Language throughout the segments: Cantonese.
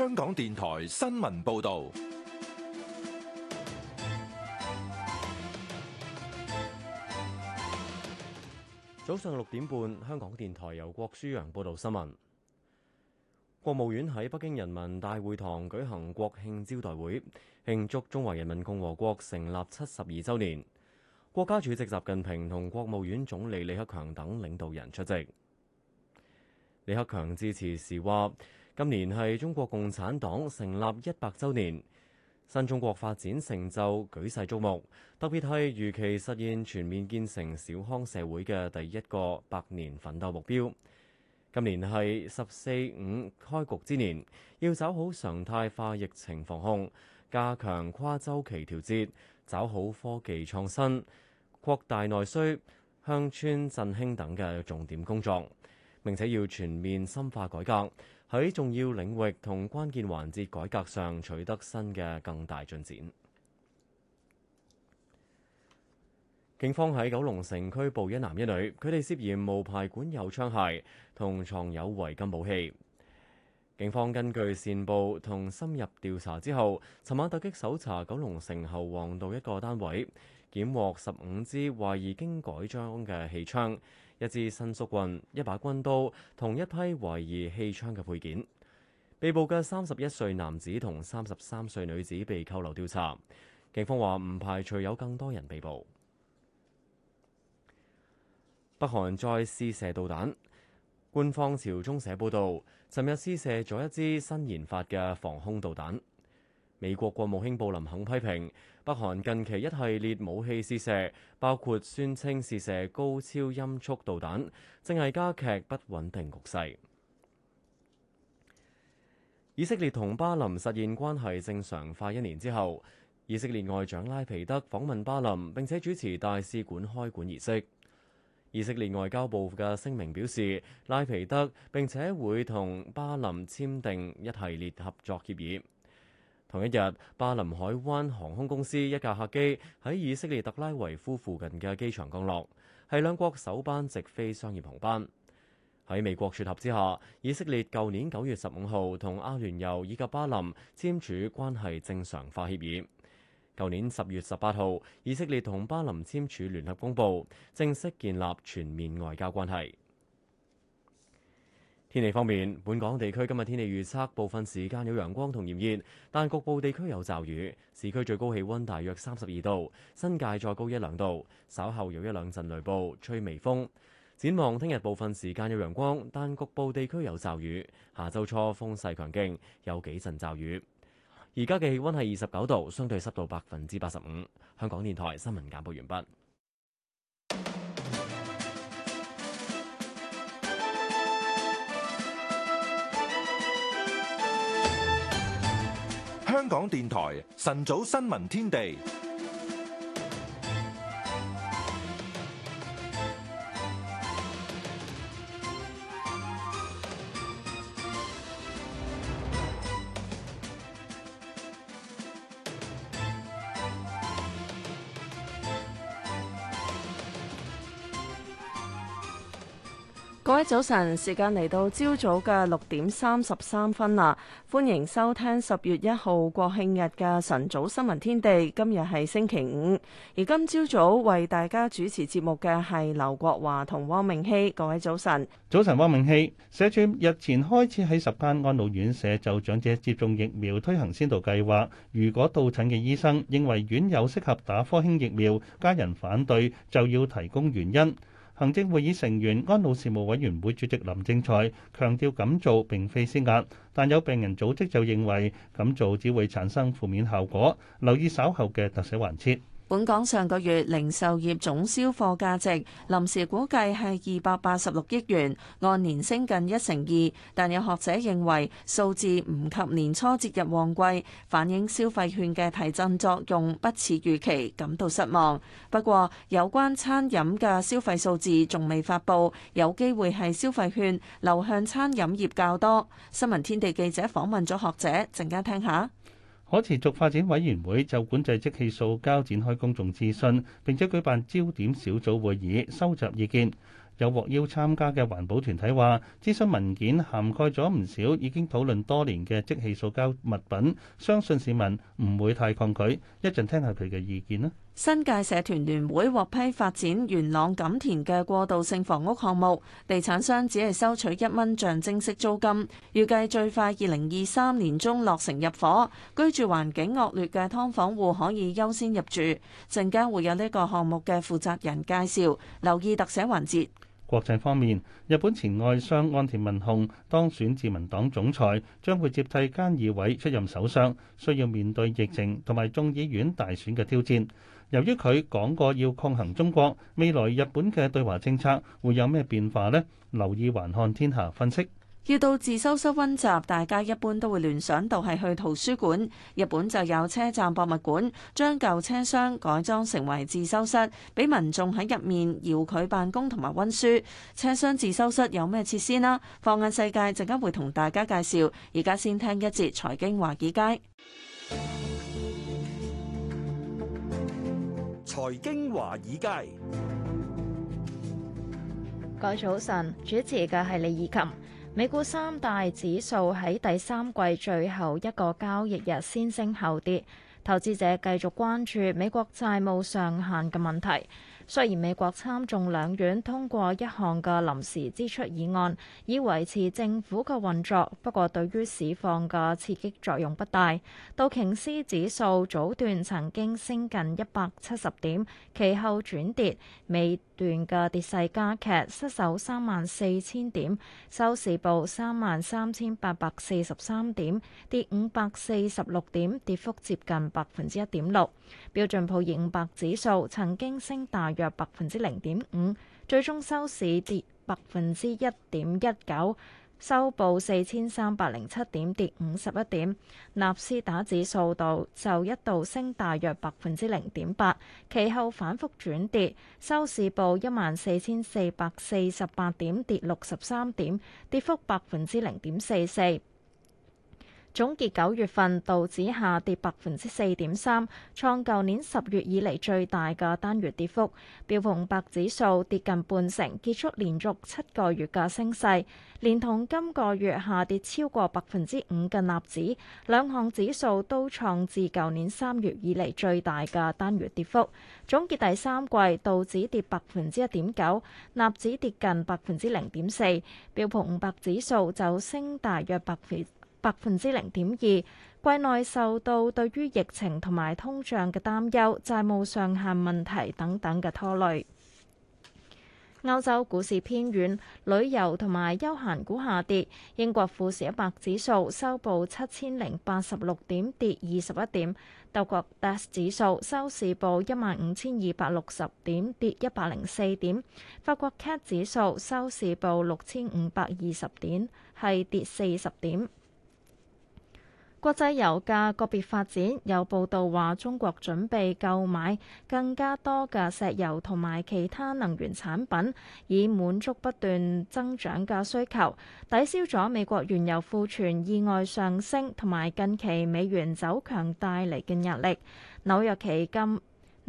香港電台新聞報道，早上六點半，香港電台由郭書陽報道新聞。國務院喺北京人民大會堂舉行國慶招待會，慶祝中華人民共和國成立七十二週年。國家主席習近平同國務院總理李克強等領導人出席。李克強致辭時話。今年係中國共產黨成立一百週年，新中國發展成就舉世矚目，特別係如期實現全面建成小康社會嘅第一個百年奮鬥目標。今年係十四五開局之年，要走好常態化疫情防控，加強跨週期調節，抓好科技創新、擴大內需、鄉村振興等嘅重點工作，並且要全面深化改革。喺重要領域同關鍵環節改革上取得新嘅更大進展。警方喺九龍城拘捕一男一女，佢哋涉嫌無牌管有槍械同藏有違禁武器。警方根據線報同深入調查之後，尋晚突擊搜查九龍城侯王道一個單位，檢獲十五支懷疑經改裝嘅氣槍。一支伸縮棍、一把軍刀同一批懷疑氣槍嘅配件。被捕嘅三十一歲男子同三十三歲女子被扣留調查。警方話唔排除有更多人被捕。北韓再試射導彈。官方朝中社報導，尋日試射咗一支新研發嘅防空導彈。美國國務卿布林肯批評北韓近期一系列武器試射，包括宣稱試射高超音速導彈，正係加劇不穩定局勢。以色列同巴林實現關係正常化一年之後，以色列外長拉皮德訪問巴林，並且主持大使館開館儀式。以色列外交部嘅聲明表示，拉皮德並且會同巴林簽訂一系列合作協議。同一日，巴林海灣航空公司一架客機喺以色列特拉維夫附近嘅機場降落，係兩國首班直飛商業航班。喺美國撮合之下，以色列舊年九月十五號同阿聯酋以及巴林簽署關係正常化協議。舊年十月十八號，以色列同巴林簽署聯合公報，正式建立全面外交關係。天氣方面，本港地區今日天氣預測，部分時間有陽光同炎熱，但局部地區有驟雨。市區最高氣溫大約三十二度，新界再高一兩度。稍後有一兩陣雷暴，吹微風。展望聽日部分時間有陽光，但局部地區有驟雨。下周初風勢強勁，有幾陣驟雨。而家嘅氣溫係二十九度，相對濕度百分之八十五。香港電台新聞簡報完畢。香港電台晨早新聞天地。早晨，時間嚟到朝早嘅六點三十三分啦，歡迎收聽十月一號國慶日嘅晨早新聞天地。今日係星期五，而今朝早為大家主持節目嘅係劉國華同汪明熙。各位早晨，早晨，汪明熙。社署日前開始喺十間安老院舍就長者接種疫苗推行先導計劃，如果到診嘅醫生認為院友適合打科興疫苗，家人反對就要提供原因。行政會議成員安老事務委員會主席林正財強調，咁做並非施壓，但有病人組織就認為，咁做只會產生負面效果。留意稍後嘅特寫環節。本港上個月零售業總銷貨價值臨時估計係二百八十六億元，按年升近一成二，但有學者認為數字唔及年初節日旺季，反映消費券嘅提振作用不似預期，感到失望。不過有關餐飲嘅消費數字仲未發佈，有機會係消費券流向餐飲業較多。新聞天地記者訪問咗學者，陣間聽下。可持續發展委員會就管制即棄塑膠展開公眾諮詢，並且舉辦焦點小組會議收集意見。有獲邀參加嘅環保團體話：諮詢文件涵蓋咗唔少已經討論多年嘅即棄塑膠物品，相信市民唔會太抗拒。一陣聽下佢嘅意見啦。新界社團聯會獲批發展元朗錦田嘅過渡性房屋項目，地產商只係收取一蚊象徵式租金，預計最快二零二三年中落成入伙。居住環境惡劣嘅劏房戶可以優先入住。陣間會有呢個項目嘅負責人介紹，留意特寫環節。國際方面，日本前外相岸田文雄當選自民黨總裁，將會接替菅義偉出任首相，需要面對疫情同埋眾議院大選嘅挑戰。由於佢講過要抗衡中國，未來日本嘅對華政策會有咩變化呢？留意環看天下分析。要到自修室温習，大家一般都會聯想到係去圖書館。日本就有車站博物館，將舊車廂改裝成為自修室，俾民眾喺入面搖佢辦公同埋温書。車廂自修室有咩設施啦？放眼世界，陣間會同大家介紹。而家先聽一節財經華爾街。財經華爾街，各位早晨，主持嘅係李怡琴。美股三大指數喺第三季最後一個交易日先升後跌，投資者繼續關注美國債務上限嘅問題。雖然美國參眾兩院通過一項嘅臨時支出議案，以維持政府嘅運作，不過對於市況嘅刺激作用不大。道瓊斯指數早段曾經升近一百七十點，其後轉跌，未段嘅跌勢加劇失守三萬四千點，收市報三萬三千八百四十三點，跌五百四十六點，跌幅接近百分之一點六。標準普爾五百指數曾經升大約百分之零點五，最終收市跌百分之一點一九。收報四千三百零七點，跌五十一點。納斯達克指數度就一度升大約百分之零點八，其後反覆轉跌，收市報一萬四千四百四十八點，跌六十三點，跌幅百分之零點四四。總結九月份，道指下跌百分之四點三，創舊年十月以嚟最大嘅單月跌幅。標普五百指數跌近半成，結束連續七個月嘅升勢，連同今個月下跌超過百分之五嘅納指，兩項指數都創自舊年三月以嚟最大嘅單月跌幅。總結第三季，道指跌百分之一點九，納指跌近百分之零點四，標普五百指數就升大約百分百分之零點二，季內受到對於疫情同埋通脹嘅擔憂、債務上限問題等等嘅拖累。歐洲股市偏軟，旅遊同埋休閒股下跌。英國富時一百指數收報七千零八十六點，跌二十一點。德國 DAX 指數收市報一萬五千二百六十點，跌一百零四點。法國 CAC 指數收市報六千五百二十點，係跌四十點。國際油價個別發展，有報道話中國準備購買更加多嘅石油同埋其他能源產品，以滿足不斷增長嘅需求，抵消咗美國原油庫存意外上升同埋近期美元走強帶嚟嘅壓力。紐約期金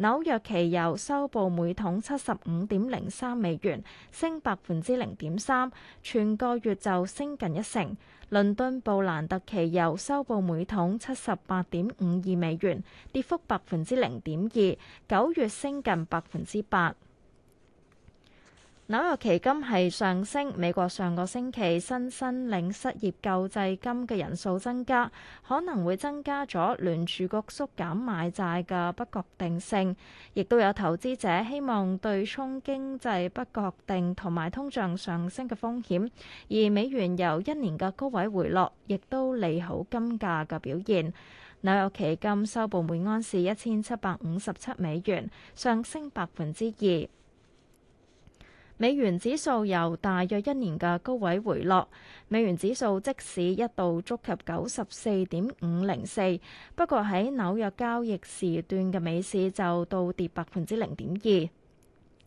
紐約期油收報每桶七十五點零三美元，升百分之零點三，全個月就升近一成。倫敦布蘭特期油收報每桶七十八點五二美元，跌幅百分之零點二，九月升近百分之八。紐約期金係上升，美國上個星期新申領失業救濟金嘅人數增加，可能會增加咗聯儲局縮減買債嘅不確定性，亦都有投資者希望對沖經濟不確定同埋通脹上升嘅風險，而美元由一年嘅高位回落，亦都利好金價嘅表現。紐約期金收報每安士一千七百五十七美元，上升百分之二。美元指數由大約一年嘅高位回落，美元指數即使一度觸及九十四點五零四，不過喺紐約交易時段嘅尾市就倒跌百分之零點二。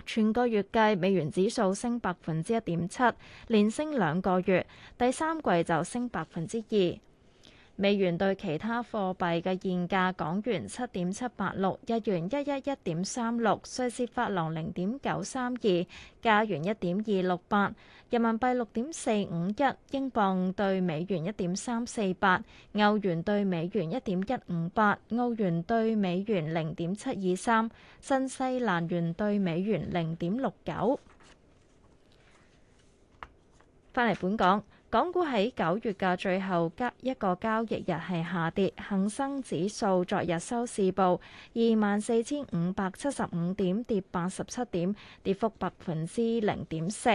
全個月計，美元指數升百分之一點七，連升兩個月，第三季就升百分之二。美元兌其他貨幣嘅現價：港元七點七八六，日元一一一點三六，瑞士法郎零點九三二，加元一點二六八，人民幣六點四五一，英鎊對美元一點三四八，歐元對美元一點一五八，澳元對美元零點七二三，新西蘭元對美元零點六九。翻嚟本港。港股喺九月嘅最後一個交易日係下跌，恒生指數昨日收市報二萬四千五百七十五點，跌八十七點，跌幅百分之零點四。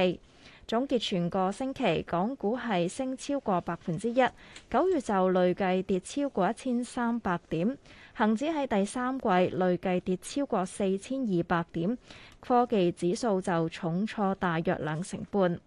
總結全個星期，港股係升超過百分之一，九月就累計跌超過一千三百點，恒指喺第三季累計跌超過四千二百點，科技指數就重挫大約兩成半。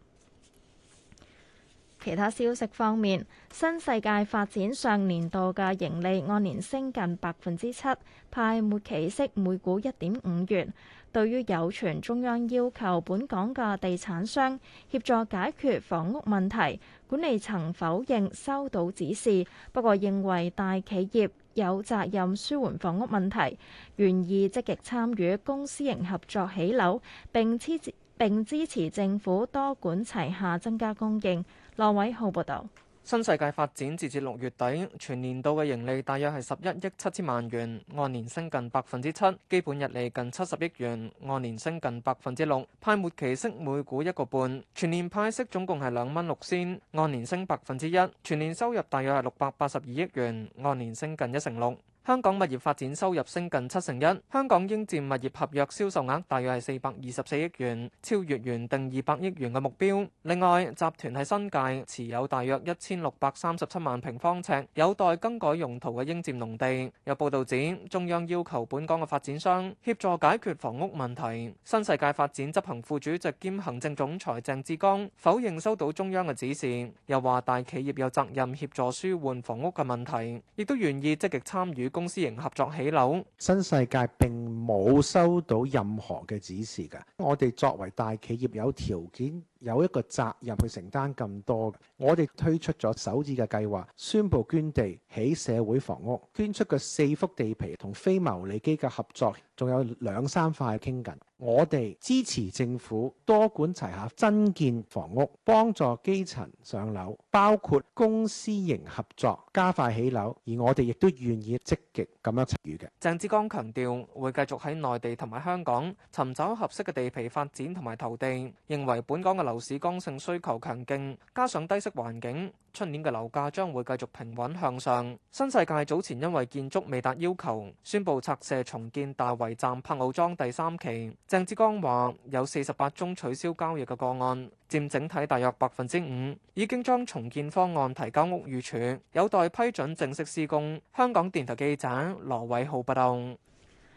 其他消息方面，新世界發展上年度嘅盈利按年升近百分之七，派末期息每股一點五元。對於有傳中央要求本港嘅地產商協助解決房屋問題，管理層否認收到指示，不過認為大企業有責任舒緩房屋問題，願意積極參與公私營合作起樓，並支持並支持政府多管齊下增加供應。羅偉浩報道：新世界發展截至六月底，全年度嘅盈利大約係十一億七千萬元，按年升近百分之七，基本日利近七十億元，按年升近百分之六，派末期息每股一個半，全年派息總共係兩蚊六仙，按年升百分之一，全年收入大約係六百八十二億元，按年升近一成六。香港物業發展收入升近七成一，香港英佔物業合約銷售額大約係四百二十四億元，超越原定二百億元嘅目標。另外，集團係新界持有大約一千六百三十七萬平方尺有待更改用途嘅英佔農地。有報道指中央要求本港嘅發展商協助解決房屋問題。新世界發展執行副主席兼行政總裁鄭志剛否認收到中央嘅指示，又話大企業有責任協助舒緩房屋嘅問題，亦都願意積極參與。公私營合作起樓，新世界並冇收到任何嘅指示嘅。我哋作為大企業有條，有條件有一個責任去承擔咁多。我哋推出咗首指嘅計劃，宣布捐地起社會房屋，捐出嘅四幅地皮同非牟利機構合作。仲有兩三塊傾緊，我哋支持政府多管齊下，增建房屋，幫助基層上樓，包括公私營合作，加快起樓，而我哋亦都願意積極。咁樣鄭志剛強調會繼續喺內地同埋香港尋找合適嘅地皮發展同埋投地，認為本港嘅樓市剛性需求強勁，加上低息環境，出年嘅樓價將會繼續平穩向上。新世界早前因為建築未達要求，宣布拆卸重建大圍站柏傲莊第三期。鄭志剛話有四十八宗取消交易嘅個案，佔整體大約百分之五，已經將重建方案提交屋宇署，有待批准正式施工。香港電台記者。羅偉浩報道：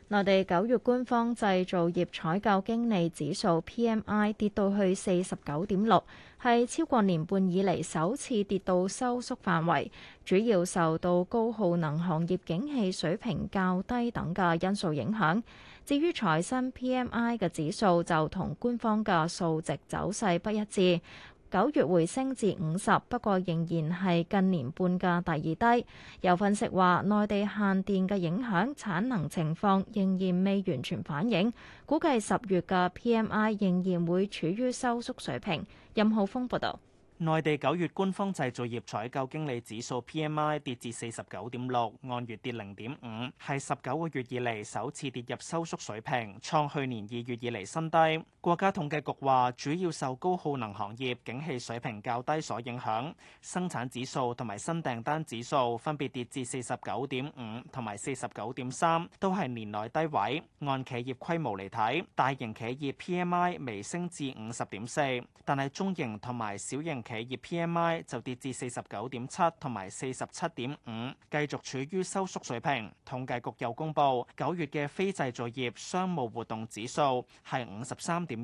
內地九月官方製造業採購經理指數 PMI 跌到去四十九點六，係超過年半以嚟首次跌到收縮範圍，主要受到高耗能行業景氣水平較低等嘅因素影響。至於財新 PMI 嘅指數就同官方嘅數值走勢不一致。九月回升至五十，不過仍然係近年半嘅第二低。有分析話，內地限電嘅影響、產能情況仍然未完全反映，估計十月嘅 P M I 仍然會處於收縮水平。任浩峰報道。內地九月官方製造業採購經理指數 PMI 跌至49.6，按月跌0.5，係十九個月以嚟首次跌入收縮水平，創去年二月以嚟新低。國家統計局話，主要受高耗能行業景氣水平較低所影響，生產指數同埋新訂單指數分別跌至49.5同埋49.3，都係年內低位。按企業規模嚟睇，大型企業 PMI 微升至50.4，但係中型同埋小型企業 PMI 就跌至四十九點七同埋四十七點五，繼續處於收縮水平。統計局又公布九月嘅非製造業商務活動指數係五十三點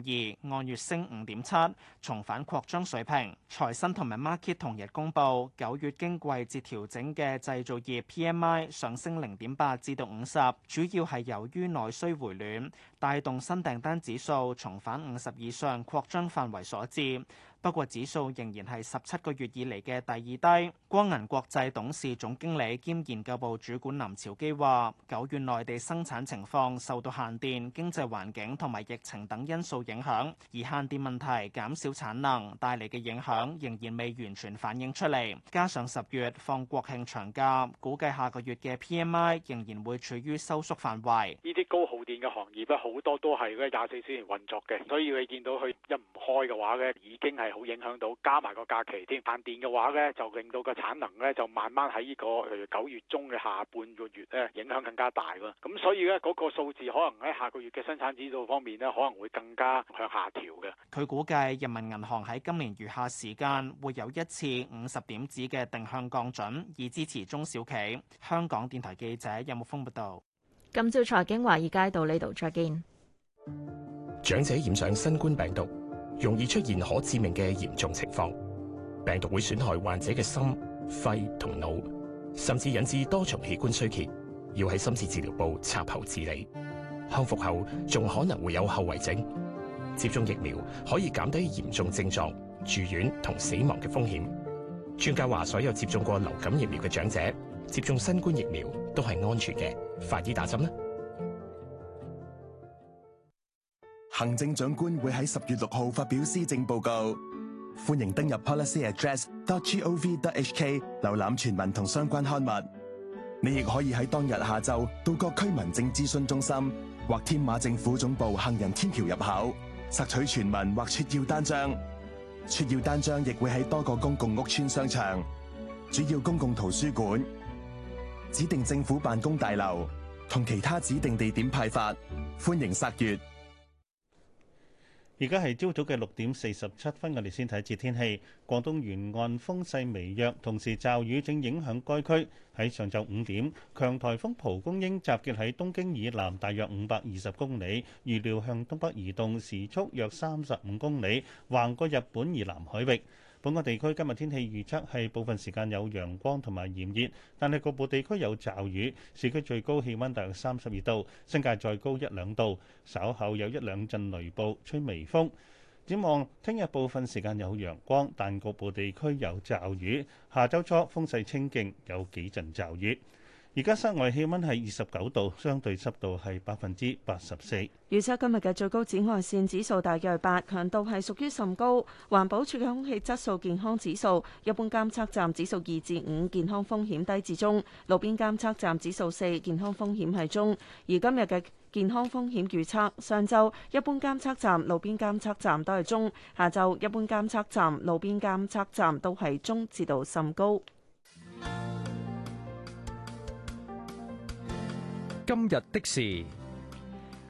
二，按月升五點七，重返擴張水平。財新同埋 Markit 同日公布九月經季節調整嘅製造業 PMI 上升零點八至到五十，主要係由於內需回暖，帶動新訂單指數重返五十以上擴張範圍所致。不過指數仍然係十七個月以嚟嘅第二低。光銀國際董事總經理兼研究部主管林朝基話，九月內地生產情況受到限電、經濟環境同埋疫情等因素影響，而限電問題減少產能帶嚟嘅影響仍然未完全反映出嚟。加上十月放國慶長假，估計下個月嘅 PMI 仍然會處於收縮範圍。呢啲高耗電嘅行業咧，好多都係嗰啲廿四小時運作嘅，所以你見到佢一唔開嘅話咧，已經係。好影響到，加埋個假期添。限電嘅話咧，就令到個產能咧就慢慢喺呢個九月中嘅下半個月咧，影響更加大㗎。咁所以咧，嗰、那個數字可能喺下個月嘅生產指數方面咧，可能會更加向下調嘅。佢估計人民銀行喺今年餘下時間會有一次五十點子嘅定向降準，以支持中小企。香港電台記者任木峰報道。今朝財經華爾街到呢度，再見。長者染上新冠病毒，容易出現可致命嘅嚴重情況，病毒會損害患者嘅心、肺同腦，甚至引致多重器官衰竭，要喺深切治療部插喉治理。康復後仲可能會有後遺症。接種疫苗可以減低嚴重症狀、住院同死亡嘅風險。專家話，所有接種過流感疫苗嘅長者接種新冠疫苗都係安全嘅。快啲打針啦！行政長官會喺十月六號發表施政報告，歡迎登入 policyaddress.gov.hk 瀏覽全文同相關刊物。你亦可以喺當日下晝到各區民政諮詢中心或添馬政府總部行人天橋入口索取全文或撮要單張。撮要單張亦會喺多個公共屋邨、商場、主要公共圖書館、指定政府辦公大樓同其他指定地點派發。歡迎索閱。而家係朝早嘅六點四十七分，我哋先睇節天氣。廣東沿岸風勢微弱，同時驟雨正影響該區。喺上晝五點，強颱風蒲公英集結喺東京以南大約五百二十公里，預料向東北移動，時速約三十五公里，橫過日本以南海域。本港地區今日天氣預測係部分時間有陽光同埋炎熱，但係局部地區有驟雨。市區最高氣溫大約三十二度，新界再高一兩度。稍後有一兩陣雷暴，吹微風。展望聽日部分時間有陽光，但局部地區有驟雨。下周初風勢清勁，有幾陣驟雨。而家室外氣溫係二十九度，相對濕度係百分之八十四。預測今日嘅最高紫外線指數大約八，強度係屬於甚高。環保署嘅空氣質素健康指數一般監測站指數二至五，健康風險低至中；路邊監測站指數四，健康風險係中。而今日嘅健康風險預測，上晝一般監測站、路邊監測站都係中；下晝一般監測站、路邊監測站都係中至到甚高。今日的事，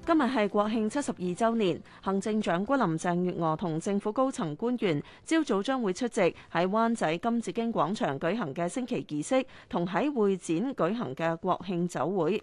今日係國慶七十二周年。行政長官林鄭月娥同政府高層官員，朝早將會出席喺灣仔金紫荊廣場舉行嘅升旗儀式，同喺會展舉行嘅國慶酒會。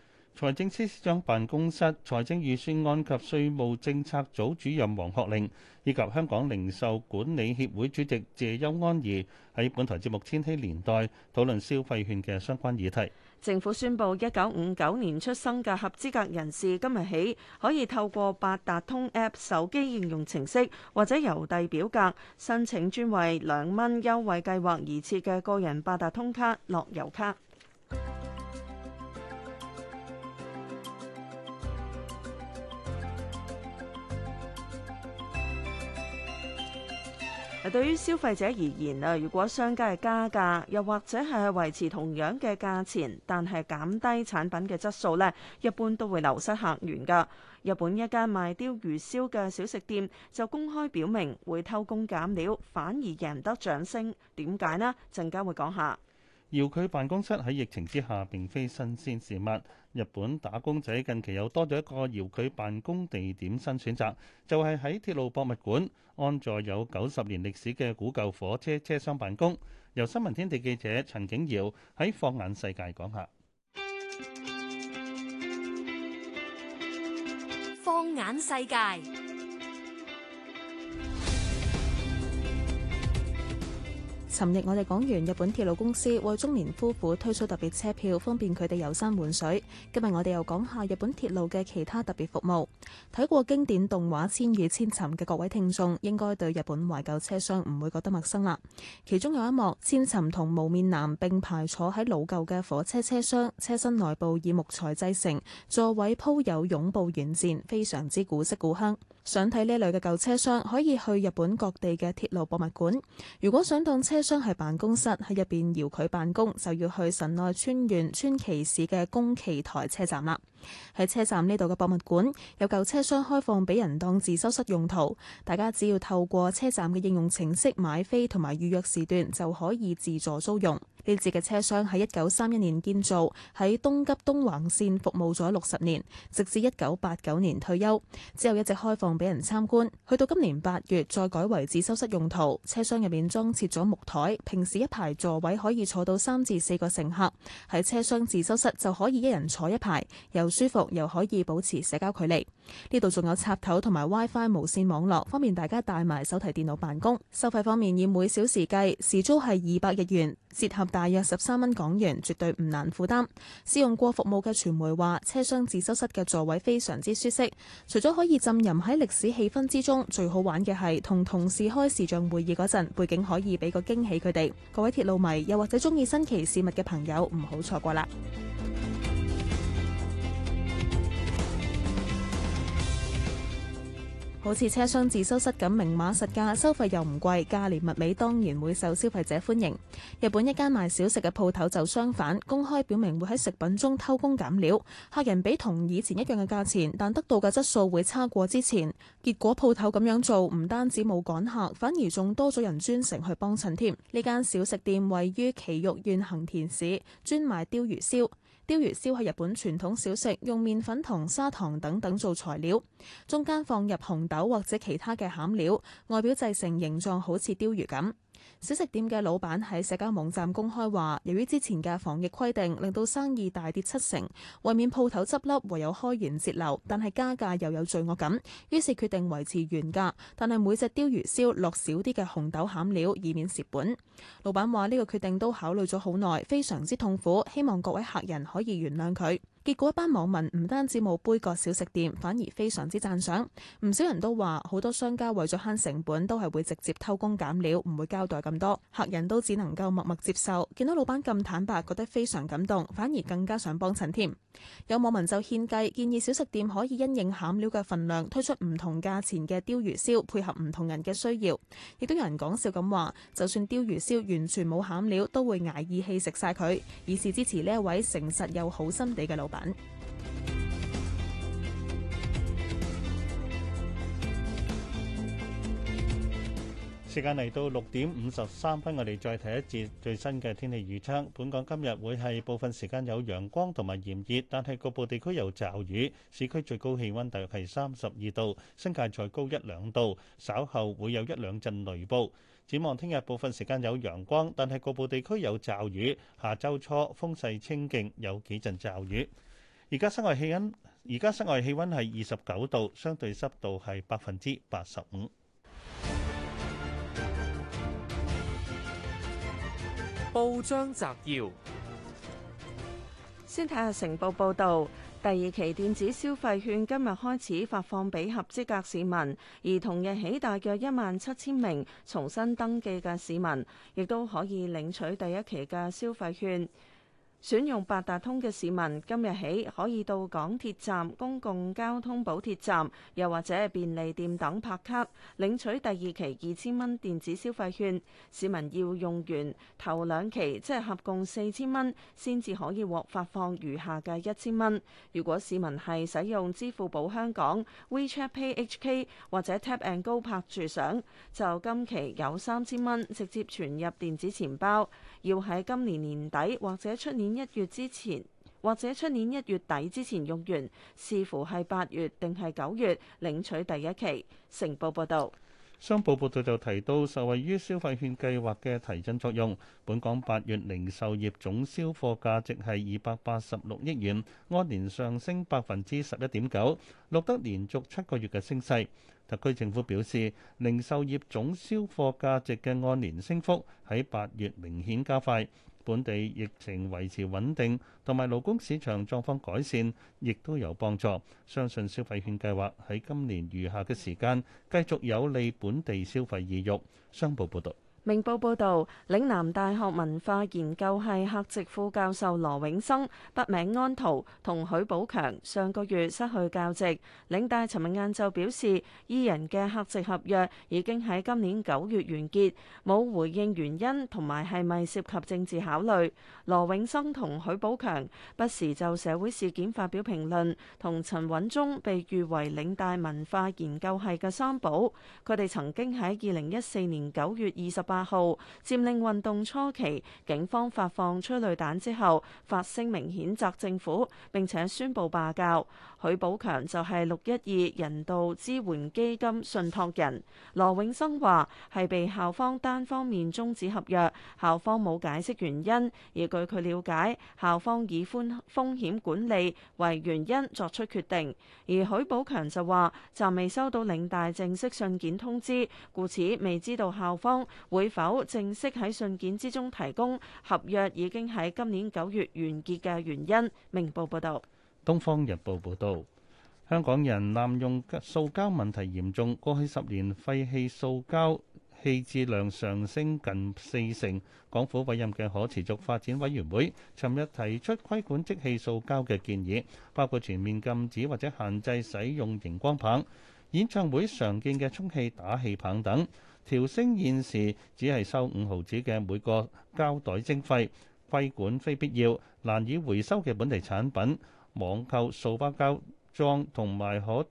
財政司司長辦公室財政預算案及稅務政策組主任黃學鈴以及香港零售管理協會主席謝邱安儀，喺本台節目《千禧年代》討論消費券嘅相關議題。政府宣布，一九五九年出生嘅合資格人士今日起可以透過八達通 App 手機應用程式或者郵遞表格申請專為兩蚊優惠計劃而設嘅個人八達通卡樂悠咭。嗱，對於消費者而言啊，如果商家係加價，又或者係維持同樣嘅價錢，但係減低產品嘅質素呢，一般都會流失客源噶。日本一家賣鯛魚燒嘅小食店就公開表明會偷工減料，反而贏得掌聲。點解呢？陣間會講下。遙距辦公室喺疫情之下並非新鮮事物。日本打工仔近期又多咗一個遙距辦公地點新選擇，就係喺鐵路博物館安坐有九十年歷史嘅古舊火車車廂辦公。由新聞天地記者陳景堯喺放眼世界講下。放眼世界。尋日我哋講完日本鐵路公司為中年夫婦推出特別車票，方便佢哋遊山玩水。今日我哋又講下日本鐵路嘅其他特別服務。睇過經典動畫《千與千尋》嘅各位聽眾，應該對日本懷舊車廂唔會覺得陌生啦。其中有一幕，千尋同無面男並排坐喺老舊嘅火車車廂，車身內部以木材製成，座位鋪有擁抱軟墊，非常之古色古香。想睇呢類嘅舊車廂，可以去日本各地嘅鐵路博物館。如果想當車，將喺辦公室喺入面搖佢辦公，就要去神奈川縣川崎市嘅宮崎台車站啦。喺車站呢度嘅博物館有舊車廂開放俾人當自修室用途，大家只要透過車站嘅應用程式買飛同埋預約時段就可以自助租用。呢節嘅車廂喺一九三一年建造，喺東急東橫線服務咗六十年，直至一九八九年退休之後一直開放俾人參觀。去到今年八月再改為自修室用途，車廂入面裝設咗木台，平時一排座位可以坐到三至四個乘客。喺車廂自修室就可以一人坐一排，又。舒服又可以保持社交距離，呢度仲有插頭同埋 WiFi 無線網絡，方便大家帶埋手提電腦辦公。收費方面以每小時計，時租係二百日元，折合大約十三蚊港元，絕對唔難負擔。試用過服務嘅傳媒話，車廂自修室嘅座位非常之舒適，除咗可以浸淫喺歷史氣氛之中，最好玩嘅係同同事開視像會議嗰陣，背景可以俾個驚喜佢哋。各位鐵路迷又或者中意新奇事物嘅朋友，唔好錯過啦！好似車廂自修室咁，明碼實價，收費又唔貴，價廉物美當然會受消費者歡迎。日本一間賣小食嘅鋪頭就相反，公開表明會喺食品中偷工減料，客人比同以前一樣嘅價錢，但得到嘅質素會差過之前。結果鋪頭咁樣做，唔單止冇趕客，反而仲多咗人專程去幫襯添。呢間小食店位於埼玉縣行田市，專賣鯛魚燒。鯛魚燒係日本傳統小食，用麵粉同砂糖等等做材料，中間放入紅豆或者其他嘅餡料，外表製成形狀好似鯛魚咁。小食店嘅老闆喺社交網站公開話，由於之前嘅防疫規定令到生意大跌七成，為免鋪頭執笠，唯有開源節流，但係加價又有罪惡感，於是決定維持原價，但係每隻鯛魚燒落少啲嘅紅豆餡料，以免蝕本。老闆話呢個決定都考慮咗好耐，非常之痛苦，希望各位客人可以原諒佢。結果一班網民唔單止冇杯葛小食店，反而非常之讚賞。唔少人都話，好多商家為咗慳成本，都係會直接偷工減料，唔會交代咁多。客人都只能夠默默接受。見到老闆咁坦白，覺得非常感動，反而更加想幫襯添。有網民就獻計，建議小食店可以因應餡料嘅份量，推出唔同價錢嘅鯛魚燒，配合唔同人嘅需要。亦都有人講笑咁話，就算鯛魚燒完全冇餡料，都會挨義氣食晒佢，以示支持呢一位誠實又好心地嘅老。時間嚟到六點五十三分，我哋再睇一節最新嘅天氣預測。本港今日會係部分時間有陽光同埋炎熱，但係局部地區有驟雨。市區最高氣溫大約係三十二度，新界再高一兩度。稍後會有一兩陣雷暴。展望聽日部分時間有陽光，但係局部地區有驟雨。下週初風勢清勁，有幾陣驟雨。而家室外氣溫，而家室外氣溫係二十九度，相對濕度係百分之八十五。報章摘要，先睇下《成報》報導。第二期電子消費券今日開始發放俾合資格市民，而同日起大約一萬七千名重新登記嘅市民，亦都可以領取第一期嘅消費券。選用八達通嘅市民，今日起可以到港鐵站、公共交通補貼站，又或者便利店等拍卡，領取第二期二千蚊電子消費券。市民要用完頭兩期，即係合共四千蚊，先至可以獲發放餘下嘅一千蚊。如果市民係使用支付寶香港 WeChat Pay HK 或者 Tap and Go 拍住上，就今期有三千蚊直接存入電子錢包。要喺今年年底或者出年一月之前或者出年一月底之前用完，視乎係八月定係九月領取第一期。成報報導，商報報導就提到，受惠於消費券計劃嘅提振作用，本港八月零售業總銷貨價值係二百八十六億元，按年上升百分之十一點九，錄得連續七個月嘅升勢。特區政府表示，零售業總銷貨價值嘅按年升幅喺八月明顯加快。本地疫情維持穩定，同埋勞工市場狀況改善，亦都有幫助。相信消費券計劃喺今年餘下嘅時間，繼續有利本地消費意欲。商報報道。明報報導，嶺南大學文化研究系客席副，副教授羅永生（筆名安徒）同許寶強上個月失去教席。嶺大尋日晏晝表示，二人嘅客席合約已經喺今年九月完結，冇回應原因同埋係咪涉及政治考慮。羅永生同許寶強不時就社會事件發表評論，同陳允中被譽為嶺大文化研究系嘅三寶。佢哋曾經喺二零一四年九月二十八號佔領運動初期，警方發放催淚彈之後，發聲明譴責政府，並且宣布罷教。許寶強就係六一二人道支援基金信託人。羅永生話：係被校方單方面終止合約，校方冇解釋原因。而據佢了解，校方以寬風險管理為原因作出決定。而許寶強就話：暫未收到嶺大正式信件通知，故此未知道校方會否正式喺信件之中提供合約已經喺今年九月完結嘅原因。明報報道。《東方日報》報導，香港人濫用塑膠問題嚴重。過去十年廢棄塑膠棄置量上升近四成。港府委任嘅可持續發展委員會，尋日提出規管即棄塑膠嘅建議，包括全面禁止或者限制使用熒光棒、演唱會常見嘅充氣打氣棒等。調升現時只係收五毫子嘅每個膠袋徵費，規管非必要難以回收嘅本地產品。網購塑包膠裝同埋可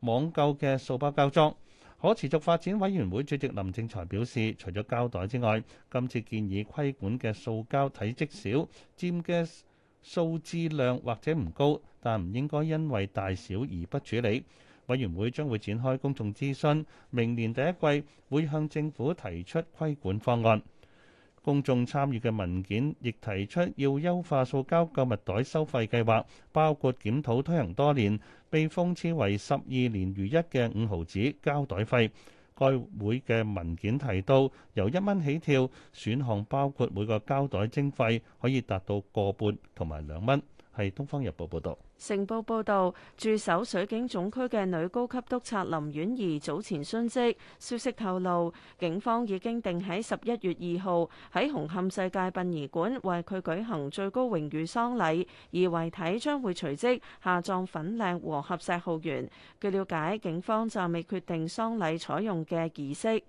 網購嘅塑包膠裝，可持續發展委員會主席林正財表示，除咗膠袋之外，今次建議規管嘅塑膠體積小、佔嘅數字量或者唔高，但唔應該因為大小而不處理。委員會將會展開公眾諮詢，明年第一季會向政府提出規管方案。公眾參與嘅文件亦提出要優化塑膠購物袋收費計劃，包括檢討推行多年、被諷刺為十二年如一嘅五毫紙膠袋費。該會嘅文件提到，由一蚊起跳，選項包括每個膠袋徵費可以達到個半同埋兩蚊。係《東方日報》報導。成報報導，駐守水警總區嘅女高級督察林婉儀早前殉職。消息透露，警方已經定喺十一月二號喺紅磡世界殯儀館為佢舉行最高榮譽喪禮，而遺體將會隨即下葬粉嶺和合石浩園。據了解，警方暫未決定喪禮採用嘅儀式。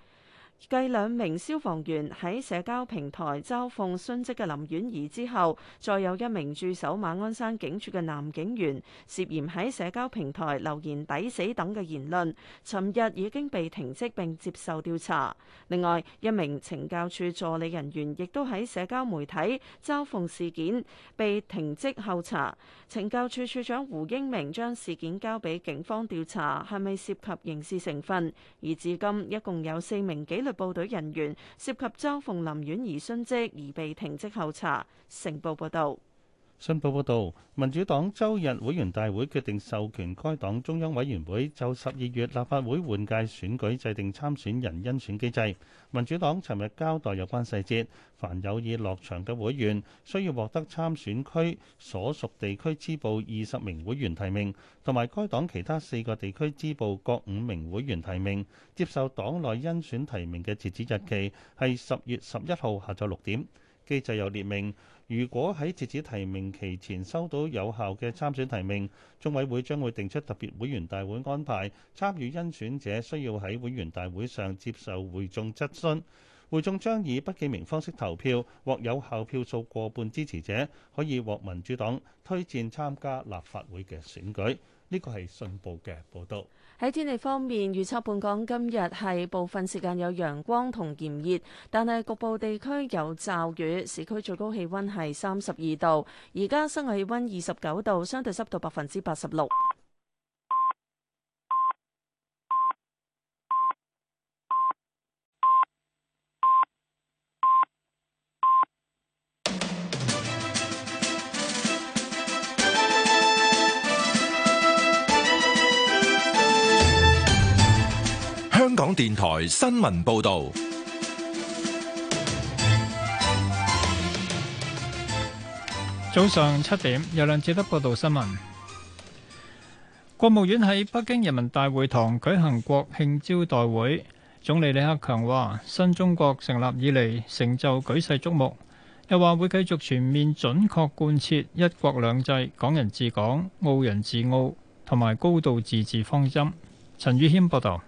繼兩名消防員喺社交平台嘲諷殉職嘅林婉儀之後，再有一名駐守馬鞍山警署嘅男警員涉嫌喺社交平台留言抵死等嘅言論，尋日已經被停職並接受調查。另外一名懲教處助理人員亦都喺社交媒體嘲諷事件，被停職候查。懲教處處長胡英明將事件交俾警方調查，係咪涉及刑事成分？而至今一共有四名紀部隊人員涉及招逢林婉兒殉職而被停職候查，成報報道。新報報道，民主黨周日會員大會決定授權該黨中央委員會就十二月立法會換屆選舉制定參選人甄選機制。民主黨尋日交代有關細節，凡有意落場嘅會員需要獲得參選區所屬地區支部二十名會員提名，同埋該黨其他四個地區支部各五名會員提名。接受黨內甄選提名嘅截止日期係十月十一號下晝六點。機制有列明。如果喺截止提名期前收到有效嘅參選提名，中委會將會定出特別會員大會安排。參與甄選者需要喺會員大會上接受會眾質詢，會眾將以不記名方式投票，獲有效票數過半支持者可以獲民主黨推薦參加立法會嘅選舉，呢個係信報嘅報道。喺天氣方面，預測本港今日係部分時間有陽光同炎熱，但係局部地區有驟雨。市區最高氣溫係三十二度，而家室外氣溫二十九度，相對濕度百分之八十六。香港電台新聞報道，早上七點，有梁智德報道新聞。國務院喺北京人民大會堂舉行國慶招待會，總理李克強話：新中國成立以嚟，成就舉世矚目，又話會繼續全面準確貫徹一國兩制、港人治港、澳人治澳同埋高度自治方針。陳宇謙報道。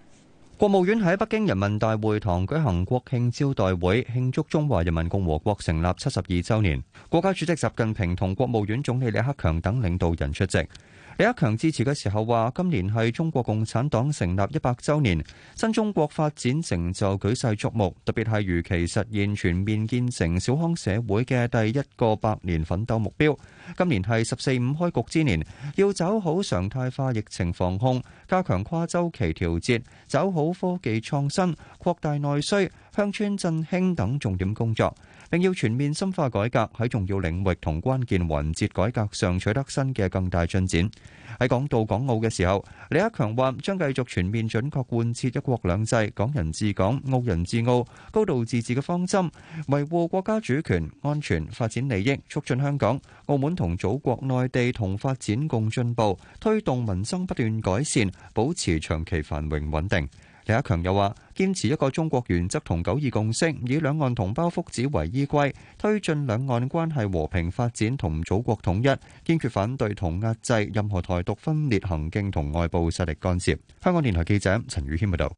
國務院喺北京人民大會堂舉行國慶招待會，慶祝中華人民共和國成立七十二周年。國家主席習近平同國務院總理李克強等領導人出席。李克強致辭嘅時候話：今年係中國共產黨成立一百周年，新中國發展成就舉世矚目，特別係如期實現全面建成小康社會嘅第一個百年奮鬥目標。今年係十四五開局之年，要走好常態化疫情防控，加強跨周期調節，走好科技創新、擴大內需、鄉村振興等重點工作。並要全面深化改革，喺重要領域同關鍵環節改革上取得新嘅更大進展。喺講到港澳嘅時候，李克強話將繼續全面準確貫徹一國兩制、港人治港、澳人治澳、高度自治嘅方針，維護國家主權、安全、發展利益，促進香港、澳門同祖國內地同發展共進步，推動民生不斷改善，保持長期繁榮穩定。李克強又話：堅持一個中國原則同九二共識，以兩岸同胞福祉為依歸，推進兩岸關係和平發展同祖國統一，堅決反對同壓制任何台獨分裂行徑同外部勢力干涉。香港電台記者陳宇軒報導。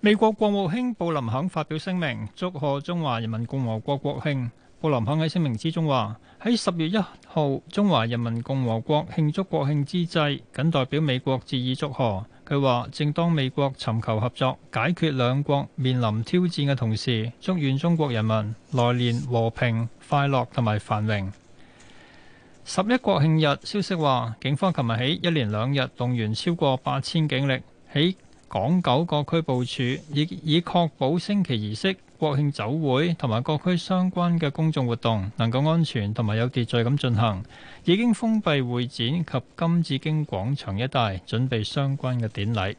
美國國務卿布林肯發表聲明，祝賀中華人民共和國國慶。布林肯喺聲明之中話：喺十月一號中華人民共和國慶祝國慶之際，謹代表美國致意祝賀。佢話，正當美國尋求合作解決兩國面臨挑戰嘅同時，祝願中國人民來年和平、快樂同埋繁榮。十一國慶日消息話，警方琴日起一連兩日動員超過八千警力，喺港九各區部署，以以確保升旗儀式、國慶酒會同埋各區相關嘅公眾活動能夠安全同埋有秩序咁進行，已經封閉會展及金紫荊廣場一帶，準備相關嘅典禮。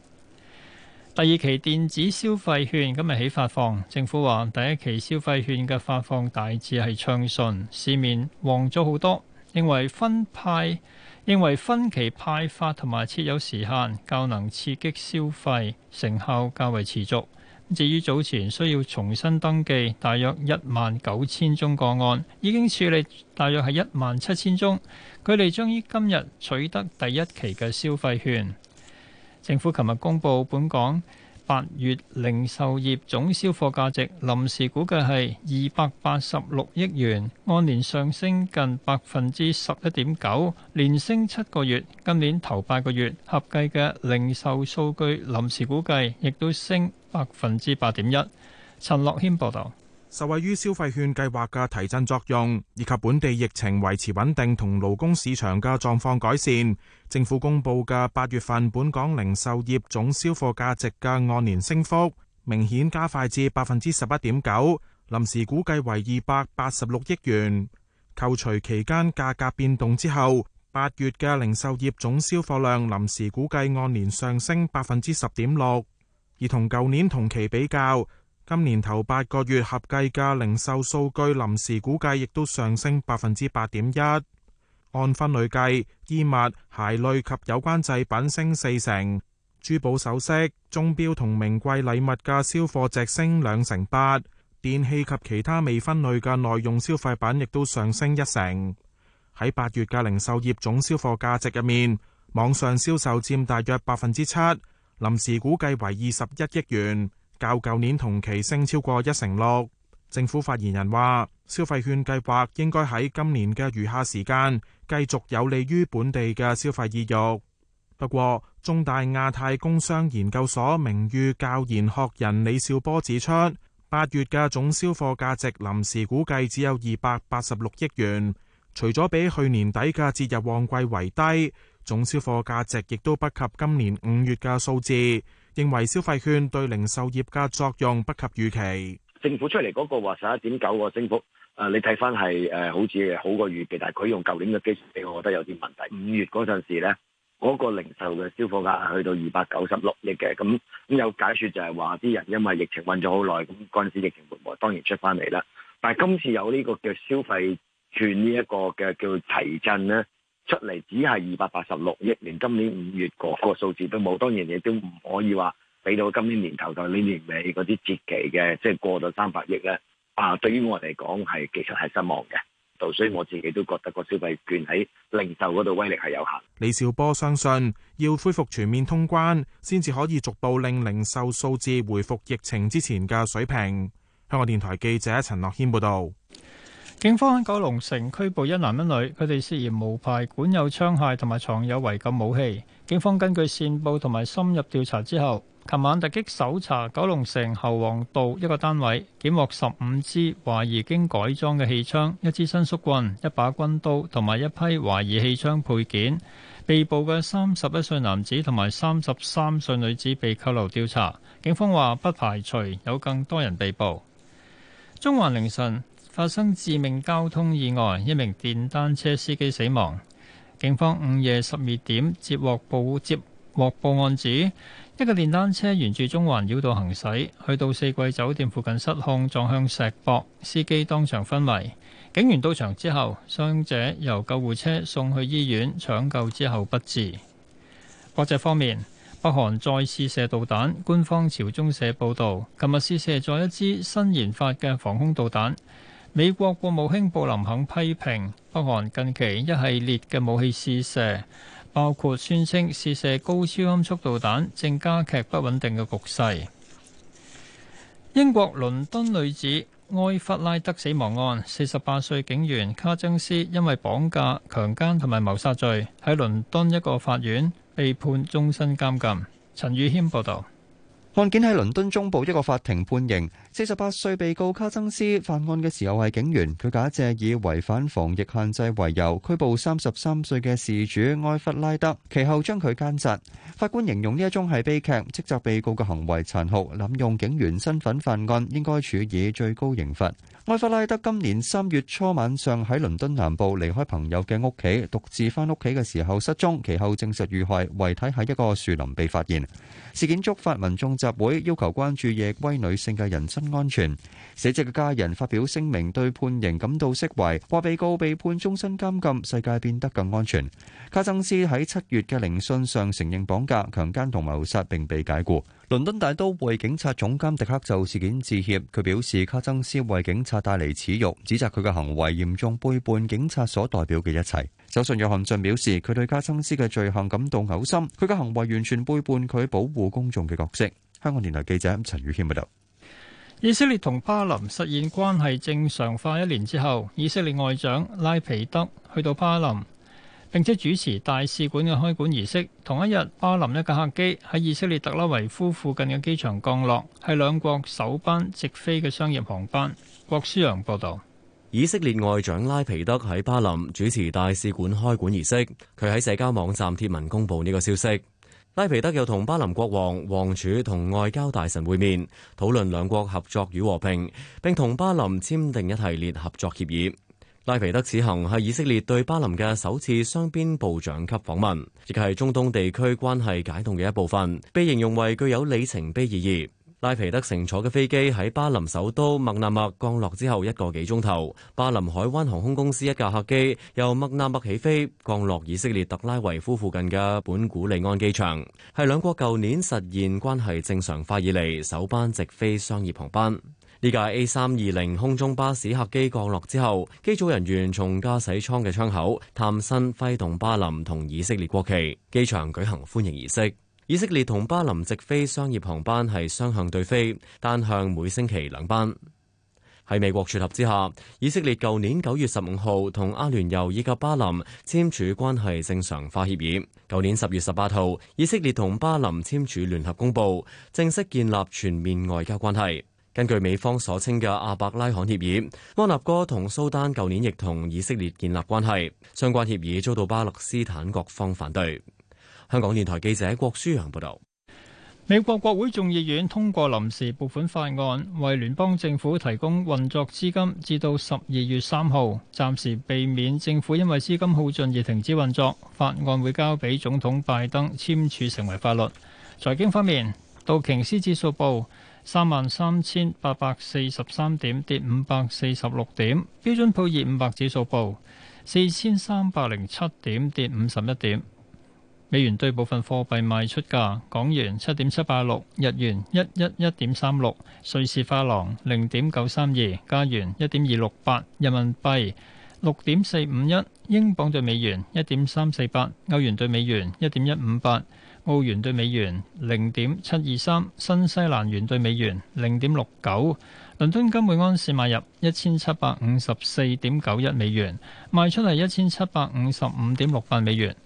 第二期電子消費券今日起發放，政府話第一期消費券嘅發放大致係暢順，市面旺咗好多，認為分派，認為分期派發同埋設有時限，較能刺激消費，成效較為持續。至於早前需要重新登記，大約一萬九千宗個案，已經處理大約係一萬七千宗，佢哋將於今日取得第一期嘅消費券。政府琴日公布本港八月零售業總銷貨價值，臨時估計係二百八十六億元，按年上升近百分之十一點九，連升七個月。今年頭八個月合計嘅零售數據，臨時估計亦都升百分之八點一。陳樂軒報道。受惠於消費券計劃嘅提振作用，以及本地疫情維持穩定同勞工市場嘅狀況改善，政府公布嘅八月份本港零售業總銷貨價值嘅按年升幅明顯加快至百分之十一點九，臨時估計為二百八十六億元。扣除期間價格變動之後，八月嘅零售業總銷貨量臨時估計按年上升百分之十點六，而同舊年同期比較。今年頭八個月合計嘅零售數據臨時估計亦都上升百分之八點一，按分類計，衣物、鞋類及有關製品升四成，珠寶首飾、鐘表同名貴禮物嘅銷貨值升兩成八，電器及其他未分類嘅耐用消費品亦都上升一成。喺八月嘅零售業總銷貨價值入面，網上銷售占大約百分之七，臨時估計為二十一億元。較舊年同期升超過一成六，政府發言人話：消費券計劃應該喺今年嘅餘下時間繼續有利於本地嘅消費意欲。不過，中大亞太工商研究所名譽教研學人李兆波指出，八月嘅總銷貨價值臨時估計只有二百八十六億元，除咗比去年底嘅節日旺季為低，總銷貨價值亦都不及今年五月嘅數字。認為消費券對零售業嘅作用不及預期。政府出嚟嗰個話十一點九個升幅，誒，你睇翻係誒，好似好過預期，但係佢用舊年嘅基數俾我，覺得有啲問題。五月嗰陣時咧，嗰個零售嘅銷貨額去到二百九十六億嘅，咁咁有解說就係話啲人因為疫情困咗好耐，咁嗰陣時疫情緩和，當然出翻嚟啦。但係今次有呢個叫消費券呢一個嘅叫提振咧。出嚟只係二百八十六億，連今年五月嗰個數字都冇。當然亦都唔可以話俾到今年年頭到年尾嗰啲節期嘅，即係過咗三百億咧。啊，對於我嚟講，係其實係失望嘅。到所以我自己都覺得個消費券喺零售嗰度威力係有限。李兆波，相信要恢復全面通關先至可以逐步令零售數字回復疫情之前嘅水平。香港電台記者陳樂謙報道。警方喺九龍城拘捕一男一女，佢哋涉嫌無牌管有槍械同埋藏有違禁武器。警方根據線報同埋深入調查之後，琴晚突擊搜查九龍城侯王道一個單位，檢獲十五支懷疑經改裝嘅氣槍、一支伸縮棍、一把軍刀同埋一批懷疑氣槍配件。被捕嘅三十一歲男子同埋三十三歲女子被扣留調查。警方話不排除有更多人被捕。中環凌晨，發生致命交通意外，一名電單車司機死亡。警方午夜十二點接獲報接獲報案指，指一個電單車沿住中環繞道行駛，去到四季酒店附近失控撞向石壆，司機當場昏迷。警員到場之後，傷者由救護車送去醫院搶救之後不治。國際方面，北韓再次射導彈。官方朝中社報道，琴日試射咗一支新研發嘅防空導彈。美國國務卿布林肯批評北韓近期一系列嘅武器試射，包括宣稱試射高超音速導彈，正加劇不穩定嘅局勢。英國倫敦女子埃弗拉德死亡案，四十八歲警員卡曾斯因為綁架、強姦同埋謀殺罪，喺倫敦一個法院被判終身監禁。陳宇謙報道。案件喺倫敦中部一個法庭判刑，四十八歲被告卡曾斯犯案嘅時候係警員，佢假借以違反防疫限制為由拘捕三十三歲嘅事主埃弗拉德，其後將佢奸殺。法官形容呢一宗係悲劇，斥責被告嘅行為殘酷，濫用警員身份犯案應該處以最高刑罰。埃弗拉德今年三月初晚上喺倫敦南部離開朋友嘅屋企，獨自翻屋企嘅時候失蹤，其後證實遇害，遺體喺一個樹林被發現。事件觸發民眾集會，要求關注夜歸女性嘅人身安全。死者嘅家人發表聲明，對判刑感到釋懷，話被告被判終身監禁，世界變得更安全。卡曾斯喺七月嘅聆訊上承認綁架、強姦同謀殺，並被解雇。倫敦大都會警察總監迪克就事件致歉，佢表示卡曾斯為警察帶嚟恥辱，指責佢嘅行為嚴重背叛警察所代表嘅一切。首相約翰遜表示，佢對卡曾斯嘅罪行感到嘔心，佢嘅行為完全背叛佢保護公眾嘅角色。香港電台記者陳宇謙報道。以色列同巴林實現關係正常化一年之後，以色列外長拉皮德去到巴林。並且主持大使館嘅開館儀式。同一日，巴林一架客機喺以色列特拉維夫附近嘅機場降落，係兩國首班直飛嘅商業航班。郭思陽報道。以色列外長拉皮德喺巴林主持大使館開館儀式，佢喺社交網站貼文公布呢個消息。拉皮德又同巴林國王、王儲同外交大臣會面，討論兩國合作與和平，並同巴林簽訂一系列合作協議。拉皮德此行係以色列對巴林嘅首次雙邊部長級訪問，亦係中東地區關係解凍嘅一部分，被形容為具有里程碑意義。拉皮德乘坐嘅飛機喺巴林首都麥納麥降落之後一個幾鐘頭，巴林海灣航空公司一架客機由麥納麥起飛降落以色列特拉維夫附近嘅本古利安機場，係兩國舊年實現關係正常化以嚟首班直飛商業航班。呢架 A 三二零空中巴士客機降落之後，機組人員從駕駛艙嘅窗口探身揮動巴林同以色列國旗，機場舉行歡迎儀式。以色列同巴林直飛商業航班係雙向對飛，單向每星期兩班。喺美國撮合之下，以色列舊年九月十五號同阿聯酋以及巴林簽署關係正常化協議。舊年十月十八號，以色列同巴林簽署聯合公佈，正式建立全面外交關係。根據美方所稱嘅阿伯拉罕協議，摩納哥同蘇丹舊年亦同以色列建立關係，相關協議遭到巴勒斯坦各方反對。香港電台記者郭舒揚報道，美國國會眾議院通過臨時撥款法案，為聯邦政府提供運作資金，至到十二月三號，暫時避免政府因為資金耗盡而停止運作。法案會交俾總統拜登簽署成為法律。財經方面，道瓊斯指數報三萬三千八百四十三點，跌五百四十六點。標準普爾五百指數報四千三百零七點，跌五十一點。美元對部分貨幣賣出價：港元七點七八六，日元一一一點三六，瑞士法郎零點九三二，加元一點二六八，人民幣六點四五一，英鎊對美元一點三四八，歐元對美元一點一五八。澳元兌美元零點七二三，新西蘭元兌美元零點六九，倫敦金每安士買入一千七百五十四點九一美元，賣出係一千七百五十五點六八美元。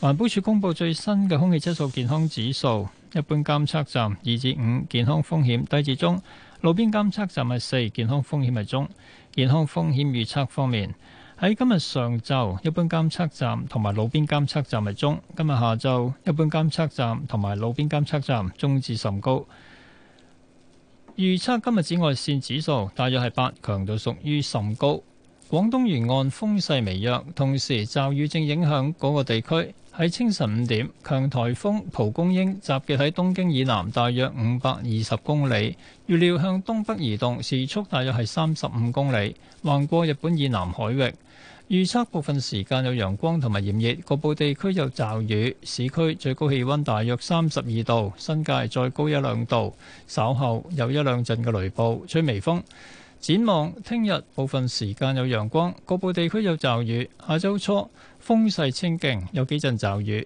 環保署公布最新嘅空氣質素健康指數，一般監測站二至五健康風險低至中，路邊監測站係四健康風險係中，健康風險預測方面。喺今日上晝，一般監測站同埋路邊監測站係中；今日下晝，一般監測站同埋路邊監測站中至甚高。預測今日紫外線指數大約係八，強度屬於甚高。廣東沿岸風勢微弱，同時驟雨正影響嗰個地區。喺清晨五點，強颱風蒲公英集結喺東京以南大約五百二十公里，預料向東北移動，時速大約係三十五公里，橫過日本以南海域。預測部分時間有陽光同埋炎熱，局部地區有驟雨。市區最高氣溫大約三十二度，新界再高一兩度。稍後有一兩陣嘅雷暴，吹微風。展望聽日部分時間有陽光，局部地區有驟雨。下周初風勢清勁，有幾陣驟雨。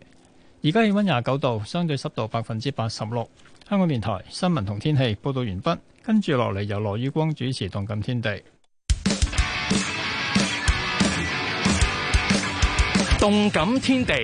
而家氣溫廿九度，相對濕度百分之八十六。香港電台新聞同天氣報道完畢，跟住落嚟由羅宇光主持《動感天地》。動感天地，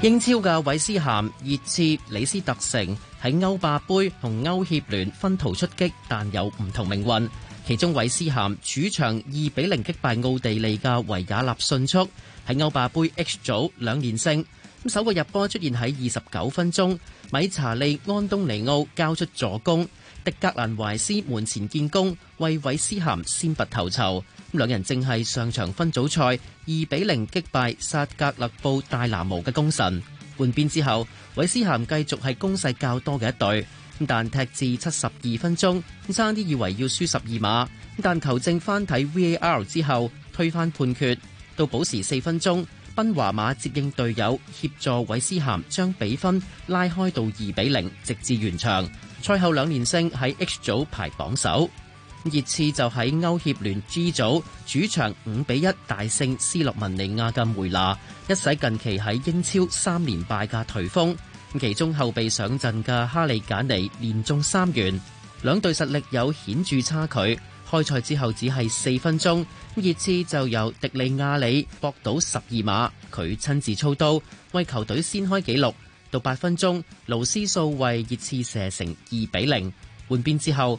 英超嘅韋斯咸熱刺李斯特城喺歐霸杯同歐協聯分途出擊，但有唔同命運。其中韋斯咸主場二比零擊敗奧地利嘅維也納迅速喺歐霸杯 H 組兩連勝。首個入波出現喺二十九分鐘，米查利安東尼奧交出助攻，迪格蘭懷斯門前建功，為韋斯咸先拔頭籌。兩人正係上場分組賽二比零擊敗薩格勒布戴拿模嘅功臣。換邊之後，韋斯咸繼續係攻勢較多嘅一隊。但踢至七十二分鐘，爭啲以為要輸十二碼，但球證翻睇 V A R 之後，推翻判決，到補時四分鐘，賓華馬接應隊友協助韋斯咸將比分拉開到二比零，0，直至完場。賽後兩連勝喺 H 組排榜首。熱刺就喺歐協聯 G 組主場五比一大勝斯洛文尼亞嘅梅拿，一洗近期喺英超三連敗嘅頹風。其中後備上陣嘅哈利·簡尼連中三元，兩隊實力有顯著差距。開賽之後只係四分鐘，熱刺就由迪利亞里搏到十二碼，佢親自操刀為球隊先開紀錄。到八分鐘，勞斯數為熱刺射成二比零。換邊之後。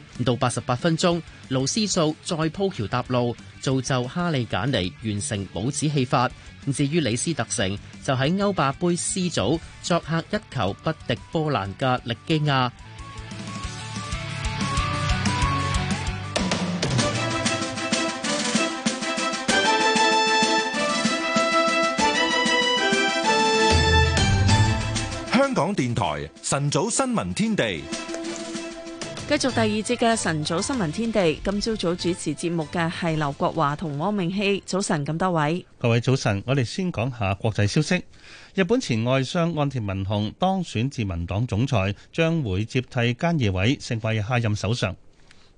到八十八分鐘，盧斯素再鋪橋搭路，造就哈利簡尼完成帽子戲法。至於李斯特城，就喺歐霸杯 C 組作客一球不敵波蘭嘅力基亞。香港電台晨早新聞天地。繼續第二節嘅晨早新聞天地。今朝早主持節目嘅係劉國華同汪明熙。早晨咁多位，各位早晨。我哋先講下國際消息。日本前外相岸田文雄當選自民黨總裁，將會接替菅義偉成為下任首相。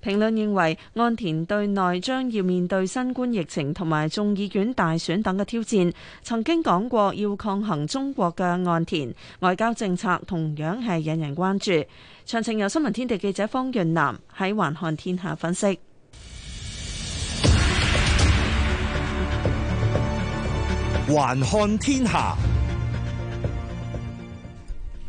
評論認為，岸田對內將要面對新冠疫情同埋眾議院大選等嘅挑戰。曾經講過要抗衡中國嘅岸田外交政策，同樣係引人關注。詳情由新聞天地記者方潤南喺《還看天下》分析。《還看天下》，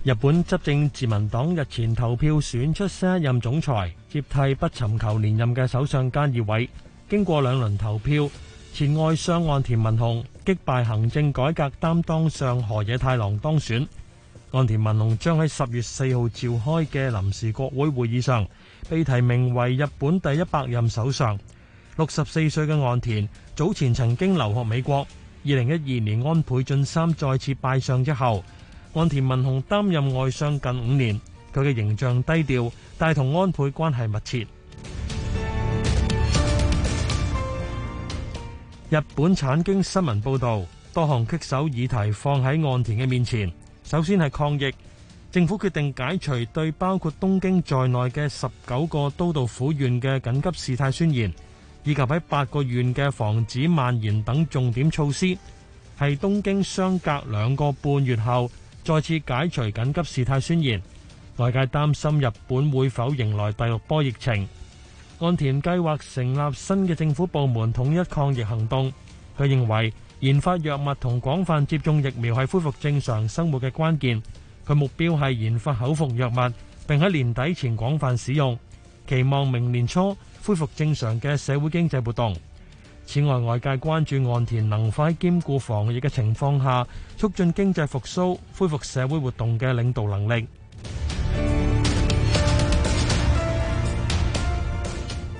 日本執政自民黨日前投票選出新一任總裁，接替不尋求連任嘅首相菅義偉。經過兩輪投票，前外相岸田文雄擊敗行政改革擔當上河野太郎當選。岸田文雄將喺十月四號召開嘅臨時國會會議上，被提名為日本第一百任首相。六十四歲嘅岸田早前曾經留學美國。二零一二年安倍晉三再次拜相之後，岸田文雄擔任外相近五年。佢嘅形象低調，但同安倍關係密切。日本產經新聞報導，多項棘手議題放喺岸田嘅面前。首先係抗疫，政府決定解除對包括東京在內嘅十九個都道府縣嘅緊急事態宣言，以及喺八個縣嘅防止蔓延等重點措施，係東京相隔兩個半月後再次解除緊急事態宣言。外界擔心日本會否迎來第六波疫情。岸田計劃成立新嘅政府部門統一抗疫行動，佢認為，研發藥物同廣泛接種疫苗係恢復正常生活嘅關鍵。佢目標係研發口服藥物，並喺年底前廣泛使用，期望明年初恢復正常嘅社會經濟活動。此外，外界關注岸田能否喺兼顧防疫嘅情況下，促進經濟復蘇、恢復社會活動嘅領導能力。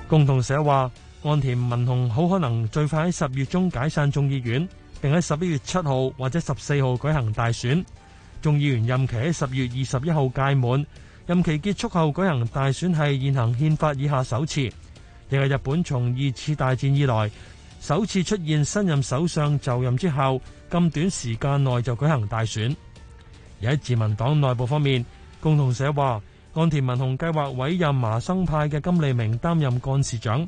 共同社話。岸田文雄好可能最快喺十月中解散眾議院，並喺十一月七號或者十四號舉行大選。眾議院任期喺十月二十一號屆滿，任期結束後舉行大選係現行憲法以下首次，亦係日本從二次大戰以來首次出現新任首相就任之後咁短時間內就舉行大選。而喺自民黨內部方面，共同社話岸田文雄計劃委任麻生派嘅金利明擔任幹事長。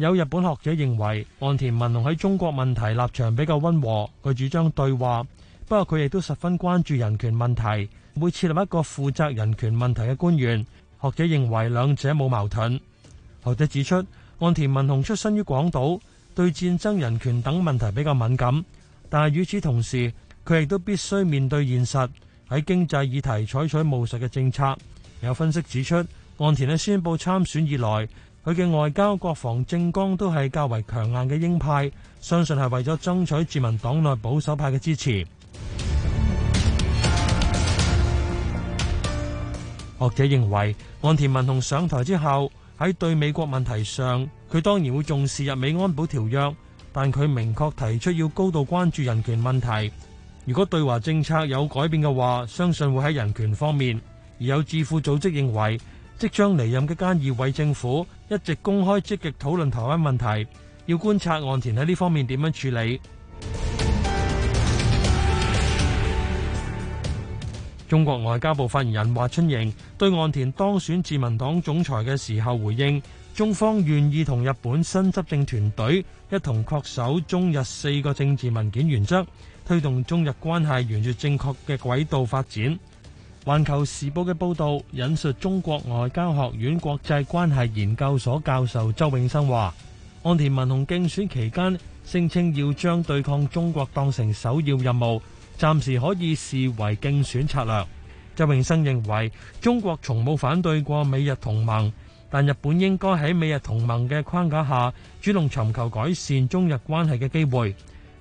有日本學者認為，岸田文雄喺中國問題立場比較溫和，佢主張對話，不過佢亦都十分關注人權問題，會設立一個負責人權問題嘅官員。學者認為兩者冇矛盾。學者指出，岸田文雄出身於廣島，對戰爭、人權等問題比較敏感，但係與此同時，佢亦都必須面對現實，喺經濟議題採取務實嘅政策。有分析指出，岸田喺宣布參選以來。佢嘅外交、國防、政綱都係較為強硬嘅鷹派，相信係為咗爭取自民黨內保守派嘅支持。學 者認為，岸田文雄上台之後，喺對美國問題上，佢當然會重視日美安保條約，但佢明確提出要高度關注人權問題。如果對華政策有改變嘅話，相信會喺人權方面。而有智庫組織認為。即將離任嘅菅義偉政府一直公開積極討論台灣問題，要觀察岸田喺呢方面點樣處理。 中國外交部發言人華春瑩對岸田當選自民黨總裁嘅時候回應，中方願意同日本新執政團隊一同恪守中日四個政治文件原則，推動中日關係沿住正確嘅軌道發展。環球時報嘅報道引述中國外交學院國際關係研究所教授周永生話，岸田文雄競選期間聲稱要將對抗中國當成首要任務，暫時可以視為競選策略。周永生認為，中國從冇反對過美日同盟，但日本應該喺美日同盟嘅框架下，主動尋求改善中日關係嘅機會。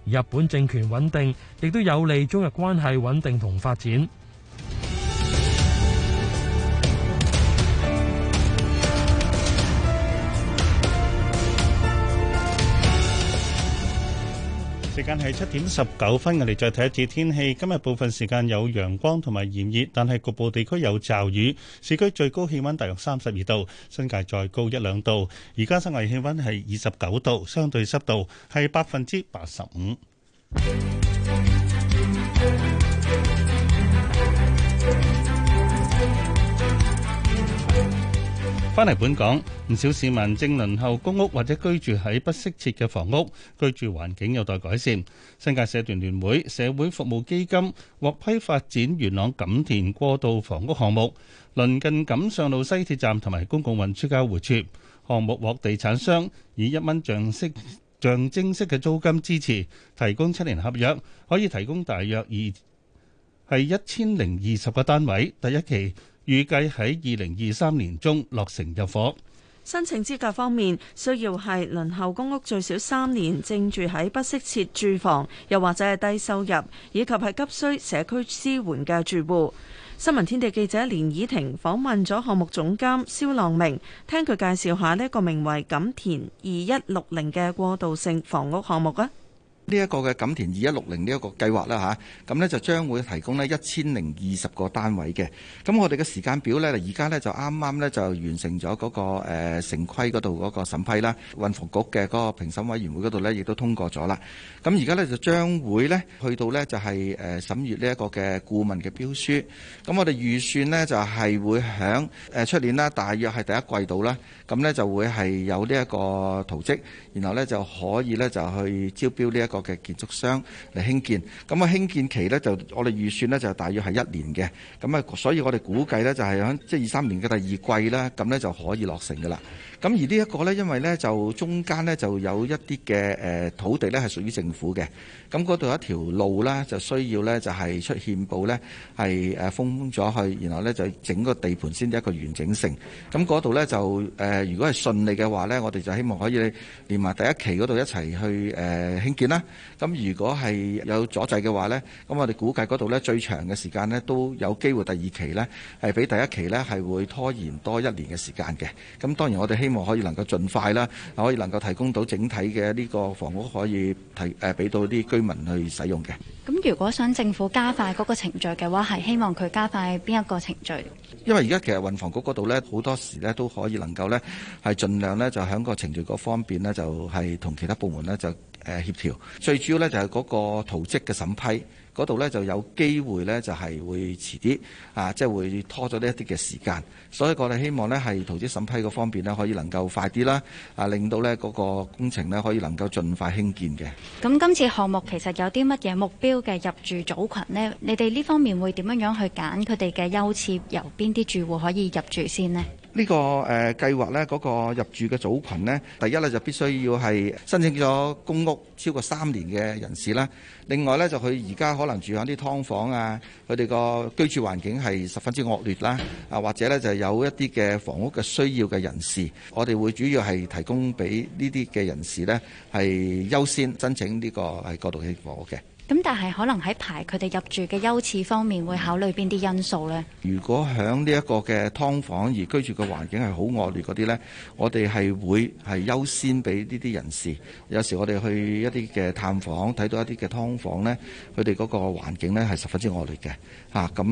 日本政權穩定，亦都有利中日關係穩定同發展。時間係七點十九分，我哋再睇一次天氣。今日部分時間有陽光同埋炎熱，但係局部地區有驟雨。市區最高氣溫大約三十二度，新界再高一兩度。而家室外氣溫係二十九度，相對濕度係百分之八十五。翻嚟本港，唔少市民正輪候公屋或者居住喺不適切嘅房屋，居住環境有待改善。新界社團聯會、社會服務基金獲批發展元朗錦田過渡房屋項目，鄰近錦上路西鐵站同埋公共運輸交匯處。項目獲地產商以一蚊象式、象徵式嘅租金支持，提供七年合約，可以提供大約二係一千零二十個單位。第一期。預計喺二零二三年中落成入伙。申請資格方面，需要係輪候公屋最少三年，正住喺不適切住房，又或者係低收入，以及係急需社區支援嘅住戶。新聞天地記者連以婷訪問咗項目總監蕭浪明，聽佢介紹下呢一個名為錦田二一六零嘅過渡性房屋項目啊！呢一個嘅錦田二一六零呢一個計劃啦吓，咁、啊、咧就將會提供咧一千零二十個單位嘅。咁我哋嘅時間表咧，而家咧就啱啱咧就完成咗嗰、嗰個誒城規嗰度嗰個審批啦，運服局嘅個評審委員會嗰度咧亦都通過咗啦。咁而家咧就將會咧去到咧就係誒審閱呢一個嘅顧問嘅標書，咁我哋預算咧就係、是、會響誒出年啦，大約係第一季度啦。咁咧就會係有呢一個圖則，然後咧就可以咧就去招標呢、這、一個，嘅建築商嚟興建，咁啊興建期咧就我哋預算咧就大約係一年嘅，咁啊所以我哋估計咧就係響即係二三年嘅第二季啦，咁咧就可以落成噶啦。咁而呢一個咧，因為咧就中間咧就有一啲嘅誒土地咧係屬於政府嘅，咁嗰度一條路咧，就需要咧就係出獻步咧係誒封咗去，然後咧就整個地盤先至一個完整性。咁嗰度咧就誒，如果係順利嘅話咧，我哋就希望可以連埋第一期嗰度一齊去誒興建啦。咁如果係有阻滯嘅話咧，咁我哋估計嗰度咧最長嘅時間咧都有機會第二期咧係比第一期咧係會拖延多一年嘅時間嘅。咁當然我哋希希望可以能夠盡快啦，可以能夠提供到整體嘅呢個房屋可以提誒俾到啲居民去使用嘅。咁如果想政府加快嗰個程序嘅話，係希望佢加快邊一個程序？因為而家其實運房局嗰度咧，好多時咧都可以能夠咧，係盡量咧就響個程序嗰方面咧，就係同其他部門咧就誒協調。最主要咧就係嗰個圖則嘅審批。嗰度呢就有機會呢，啊，就係會遲啲啊，即係會拖咗呢一啲嘅時間，所以我哋希望呢係投資審批個方面呢，可以能夠快啲啦，啊令到呢嗰個工程呢，可以能夠盡快興建嘅。咁今次項目其實有啲乜嘢目標嘅入住組群呢？你哋呢方面會點樣樣去揀佢哋嘅優先？由邊啲住戶可以入住先呢？呢個誒計劃呢，嗰、那個入住嘅組群呢，第一呢就必須要係申請咗公屋超過三年嘅人士啦。另外呢，就佢而家可能住喺啲劏房啊，佢哋個居住環境係十分之惡劣啦。啊，或者呢，就有一啲嘅房屋嘅需要嘅人士，我哋會主要係提供俾呢啲嘅人士呢，係優先申請呢個係過渡性房屋嘅。咁但係可能喺排佢哋入住嘅優次方面，會考慮邊啲因素呢？如果喺呢一個嘅劏房而居住嘅環境係好惡劣嗰啲呢，我哋係會係優先俾呢啲人士。有時我哋去一啲嘅探訪，睇到一啲嘅劏房呢，佢哋嗰個環境呢係十分之惡劣嘅。嚇，咁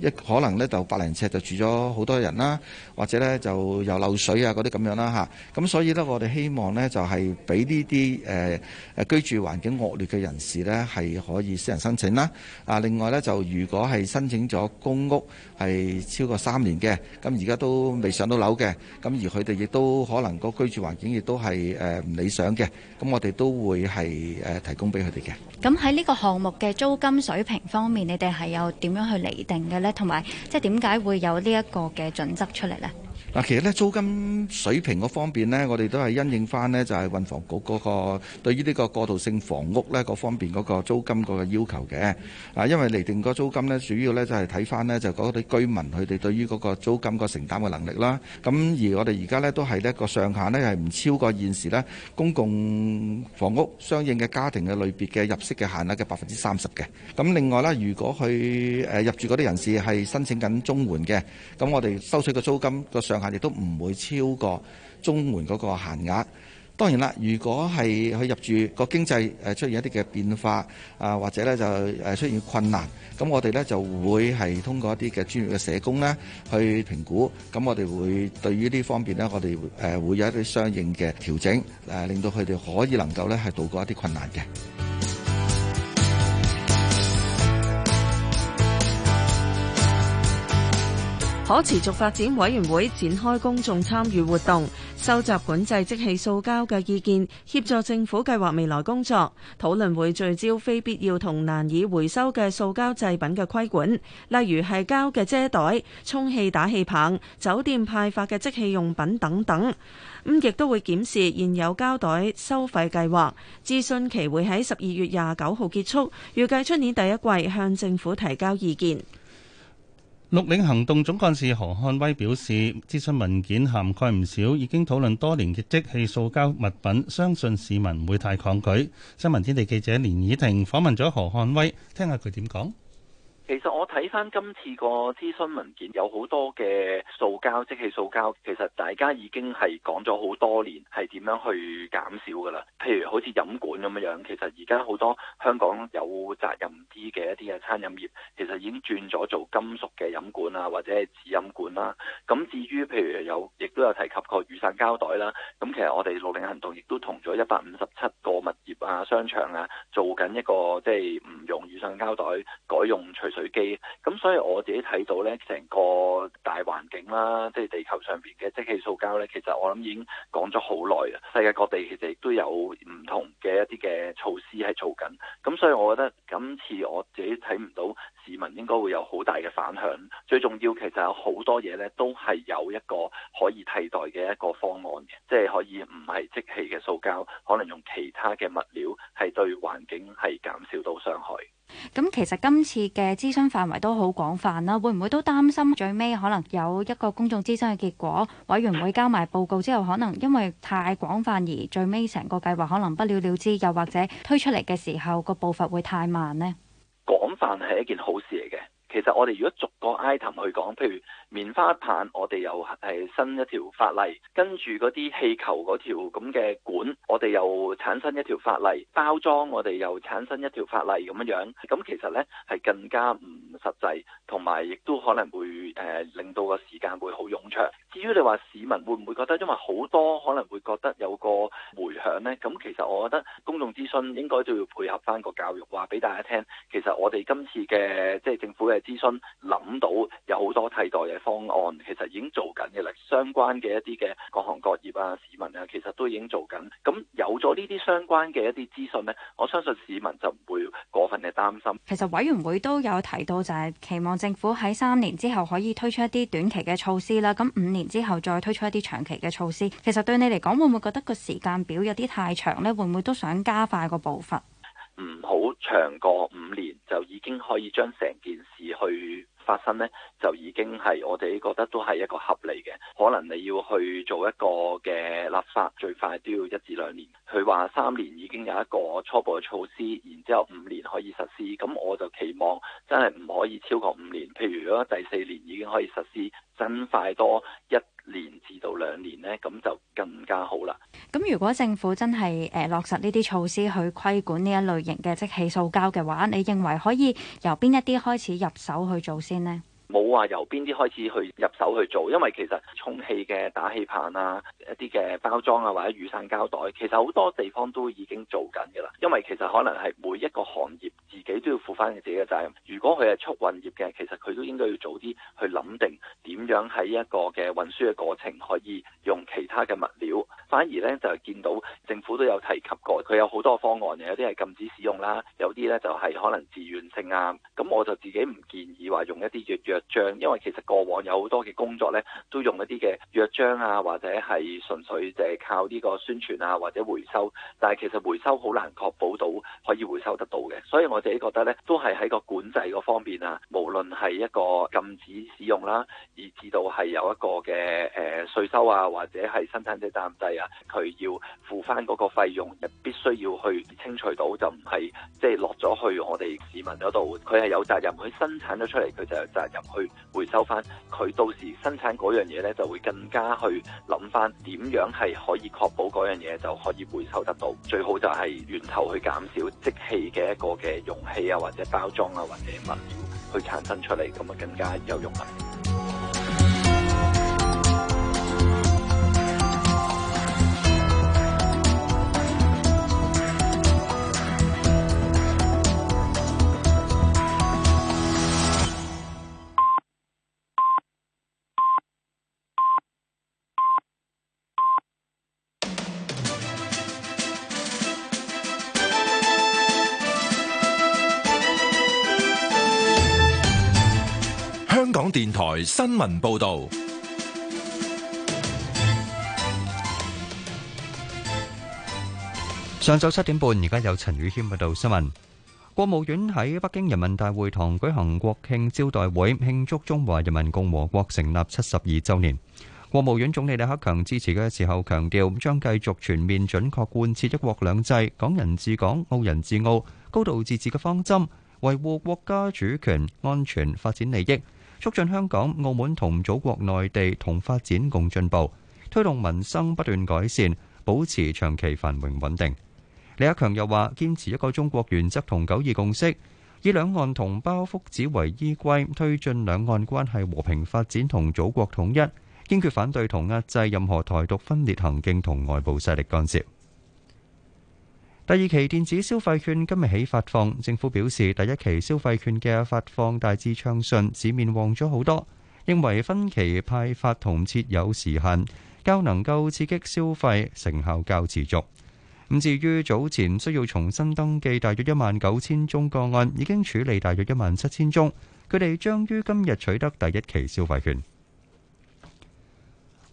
一，可能呢就百零尺就住咗好多人啦，或者呢就又漏水啊，嗰啲咁樣啦嚇。咁所以呢我哋希望呢就係俾呢啲誒誒居住環境惡劣嘅人士呢係可以私人申請啦。啊，另外呢就如果係申請咗公屋係超過三年嘅，咁而家都未上到樓嘅，咁而佢哋亦都可能個居住環境亦都係誒唔理想嘅，咁我哋都會係誒提供俾佢哋嘅。咁喺呢個項目嘅租金水平方面，你哋係有點？咁樣去釐定嘅咧，同埋即係點解會有呢一個嘅準則出嚟咧？嗱，其實咧，租金水平嗰方面咧，我哋都係因應翻咧，就係運房局嗰個對於呢個過渡性房屋咧嗰方面嗰個租金嗰個要求嘅。啊，因為釐定個租金咧，主要咧就係睇翻咧就嗰啲居民佢哋對於嗰個租金個承擔嘅能力啦。咁而我哋而家咧都係一個上限咧係唔超過現時咧公共房屋相應嘅家庭嘅類別嘅入息嘅限額嘅百分之三十嘅。咁另外咧，如果佢誒入住嗰啲人士係申請緊綜援嘅，咁我哋收取嘅租金個上亦都唔會超過中門嗰個限額。當然啦，如果係佢入住個經濟誒出現一啲嘅變化啊，或者咧就誒出現困難，咁我哋咧就會係通過一啲嘅專業嘅社工咧去評估。咁我哋會對於呢方面咧，我哋誒會有一啲相應嘅調整，誒令到佢哋可以能夠咧係度過一啲困難嘅。可持續發展委員會展開公眾參與活動，收集管制即棄塑膠嘅意見，協助政府計劃未來工作。討論會聚焦非必要同難以回收嘅塑膠製品嘅規管，例如係膠嘅遮袋、充氣打氣棒、酒店派發嘅即棄用品等等。咁亦都會檢視現有膠袋收費計劃。諮詢期會喺十二月廿九號結束，預計出年第一季向政府提交意見。綠領行動總幹事何漢威表示，諮詢文件涵蓋唔少，已經討論多年嘅即棄塑膠物品，相信市民唔會太抗拒。新聞天地記者連以婷訪問咗何漢威，聽下佢點講。其實我睇翻今次個諮詢文件，有好多嘅塑膠、即棄塑膠，其實大家已經係講咗好多年，係點樣去減少㗎啦。譬如好似飲管咁樣樣，其實而家好多香港有責任啲嘅一啲嘅餐飲業，其實已經轉咗做金屬嘅飲管啊，或者係紙飲管啦。咁至於譬如有，亦都有提及過雨傘膠袋啦。咁其實我哋綠領行動亦都同咗一百五十七個物業啊、商場啊做緊一個即係唔用雨傘膠袋，改用水機咁，所以我自己睇到呢，成個大環境啦，即係地球上邊嘅即棄塑膠呢，其實我諗已經講咗好耐喇。世界各地其實亦都有唔同嘅一啲嘅措施係做緊。咁所以，我覺得今次我自己睇唔到市民應該會有好大嘅反響。最重要其實有好多嘢呢，都係有一個可以替代嘅一個方案嘅，即係可以唔係即棄嘅塑膠，可能用其他嘅物料係對環境係減少到傷害。咁其實今次嘅諮詢範圍都好廣泛啦，會唔會都擔心最尾可能有一個公眾諮詢嘅結果，委員會交埋報告之後，可能因為太廣泛而最尾成個計劃可能不了了之，又或者推出嚟嘅時候個步伐會太慢呢？廣泛係一件好事嚟嘅，其實我哋如果逐個 item 去講，譬如，棉花棒，我哋又係新一條法例；跟住嗰啲氣球嗰條咁嘅管，我哋又產生一條法例；包裝，我哋又產生一條法例咁樣樣，咁其實咧係更加唔實際，同埋亦都可能會誒、呃、令到個時間會好冗長，至於你話市民會唔會覺得，因為好多可能會覺得有個回響咧？咁其實我覺得公眾諮詢應該都要配合翻個教育，話俾大家聽，其實我哋今次嘅即係政府嘅諮詢諗到有好多替代嘅。方案其實已經做緊嘅啦，相關嘅一啲嘅各行各業啊、市民啊，其實都已經做緊。咁有咗呢啲相關嘅一啲資訊呢，我相信市民就唔會過分嘅擔心。其實委員會都有提到，就係期望政府喺三年之後可以推出一啲短期嘅措施啦。咁五年之後再推出一啲長期嘅措施。其實對你嚟講，會唔會覺得個時間表有啲太長呢？會唔會都想加快個步伐？唔好長過五年就已經可以將成件事去發生呢，就已經係我哋覺得都係一個合理嘅，可能你要去做一個嘅立法，最快都要一至兩年。佢話三年已經有一個初步嘅措施，然之後五年可以實施。咁我就期望真係唔可以超過五年。譬如如果第四年已經可以實施，真快多一。年至到兩年咧，咁就更加好啦。咁如果政府真係誒、呃、落實呢啲措施去規管呢一類型嘅即棄塑膠嘅話，你認為可以由邊一啲開始入手去做先呢？冇話由邊啲開始去入手去做，因為其實充氣嘅打氣棒啊，一啲嘅包裝啊，或者雨傘膠袋，其實好多地方都已經做緊㗎啦。因為其實可能係每一個行業自己都要負翻自己嘅責任。如果佢係速運業嘅，其實佢都應該要早啲去諗定點樣喺一個嘅運輸嘅過程可以用其他嘅物料。反而呢，就見到政府都有提及過，佢有好多方案嘅，有啲係禁止使用啦，有啲呢就係可能自願性啊。咁我就自己唔建議話用一啲藥藥。像，因為其實過往有好多嘅工作咧，都用一啲嘅約章啊，或者係純粹就係靠呢個宣傳啊，或者回收，但係其實回收好難確保到可以回收得到嘅，所以我自己覺得呢都係喺個管制個方面啊，無論係一個禁止使用啦，以至到係有一個嘅誒稅收啊，或者係生產者責任制啊，佢要付翻嗰個費用，必須要去清除到，就唔係即係落咗去我哋市民嗰度，佢係有責任，佢生產咗出嚟佢就有責任。去回收翻，佢到時生產嗰樣嘢呢，就會更加去諗翻點樣係可以確保嗰樣嘢就可以回收得到，最好就係源頭去減少即棄嘅一個嘅容器啊，或者包裝啊，或者物料去產生出嚟，咁啊更加有用啊。香港電台新聞報道：上晝七點半，而家有陳宇謙報道新聞。國務院喺北京人民大會堂舉行國慶招待會，慶祝中華人民共和國成立七十二周年。國務院總理李克強致辭嘅時候強調，將繼續全面準確貫徹“一國兩制”、“港人治港”、“澳人治澳”、高度自治嘅方針，維護國家主權、安全、發展利益。促進香港、澳門同祖國內地同發展共進步，推動民生不斷改善，保持長期繁榮穩定。李克強又話：堅持一個中國原則同九二共識，以兩岸同胞福祉為依歸，推進兩岸關係和平發展同祖國統一，堅決反對同壓制任何台獨分裂行徑同外部勢力干涉。第二期電子消費券今日起發放，政府表示第一期消費券嘅發放大致暢順，市面旺咗好多，認為分期派發同設有時限較能夠刺激消費，成效較持續。咁至於早前需要重新登記，大約一萬九千宗個案已經處理大約一萬七千宗，佢哋將於今日取得第一期消費券。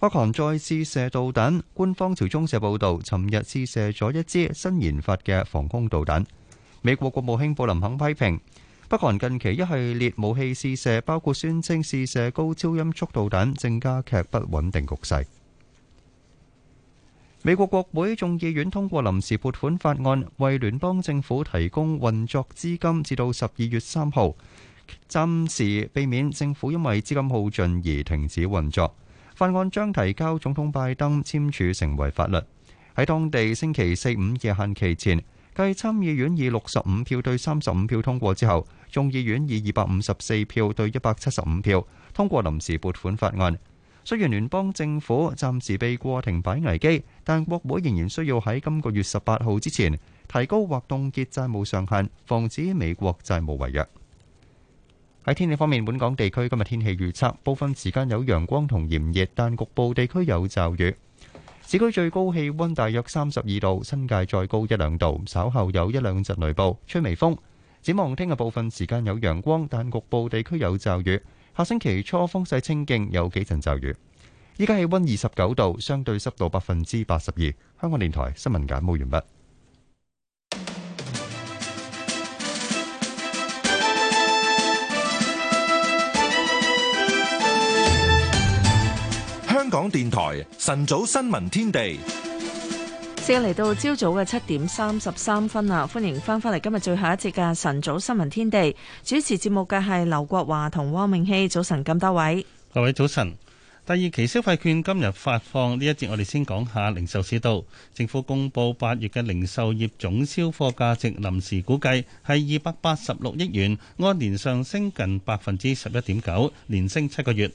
北韓再試射導彈，官方朝中社報道，尋日試射咗一支新研發嘅防空導彈。美國國務卿布林肯批評北韓近期一系列武器試射，包括宣稱試射高超音速導彈，正加劇不穩定局勢。美國國會眾議院通過臨時撥款法案，為聯邦政府提供運作資金，至到十二月三號，暫時避免政府因為資金耗盡而停止運作。法案將提交總統拜登簽署成為法律。喺當地星期四五嘅限期前，繼參議院以六十五票對三十五票通過之後，眾議院以二百五十四票對一百七十五票通過臨時撥款法案。雖然聯邦政府暫時避過停擺危機，但國會仍然需要喺今個月十八號之前提高或凍結債務上限，防止美國債務違約。喺天氣方面，本港地區今日天氣預測，部分時間有陽光同炎熱，但局部地區有驟雨。市區最高氣溫大約三十二度，新界再高一兩度，稍後有一兩陣雷暴，吹微風。展望聽日，部分時間有陽光，但局部地區有驟雨。下星期初風勢清勁，有幾陣驟雨。依家氣溫二十九度，相對濕度百分之八十二。香港電台新聞簡報完畢。香港電台晨早新聞天地，四日嚟到朝早嘅七點三十三分啦，歡迎翻返嚟今日最後一節嘅晨早新聞天地，主持節目嘅係劉國華同汪明熙，早晨咁多位，各位早晨。第二期消費券今日發放呢一節，我哋先講下零售市道。政府公布八月嘅零售業總銷貨價值臨時估計係二百八十六億元，按年上升近百分之十一點九，連升七個月。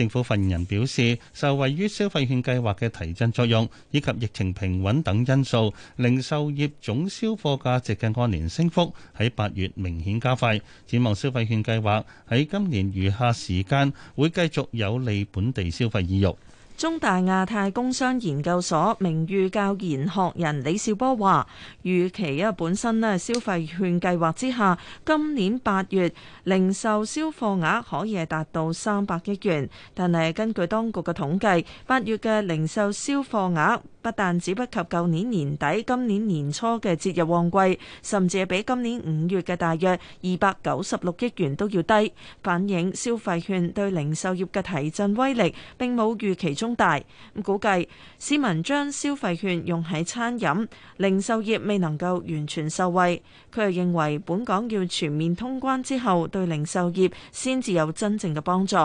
政府發言人表示，受惠於消費券計劃嘅提振作用，以及疫情平穩等因素，零售業總銷貨價值嘅按年升幅喺八月明顯加快。展望消費券計劃喺今年餘下時間會繼續有利本地消費意欲。中大亞太工商研究所名譽教研學人李兆波話，預期啊本身咧消費券計劃之下，今年八月零售銷貨額可以係達到三百億元，但係根據當局嘅統計，八月嘅零售銷貨額，不但只不及舊年年底、今年年初嘅節日旺季，甚至比今年五月嘅大約二百九十六億元都要低，反映消費券對零售業嘅提振威力並冇預期中大。估計市民將消費券用喺餐飲，零售業未能夠完全受惠。佢又認為本港要全面通關之後，對零售業先至有真正嘅幫助。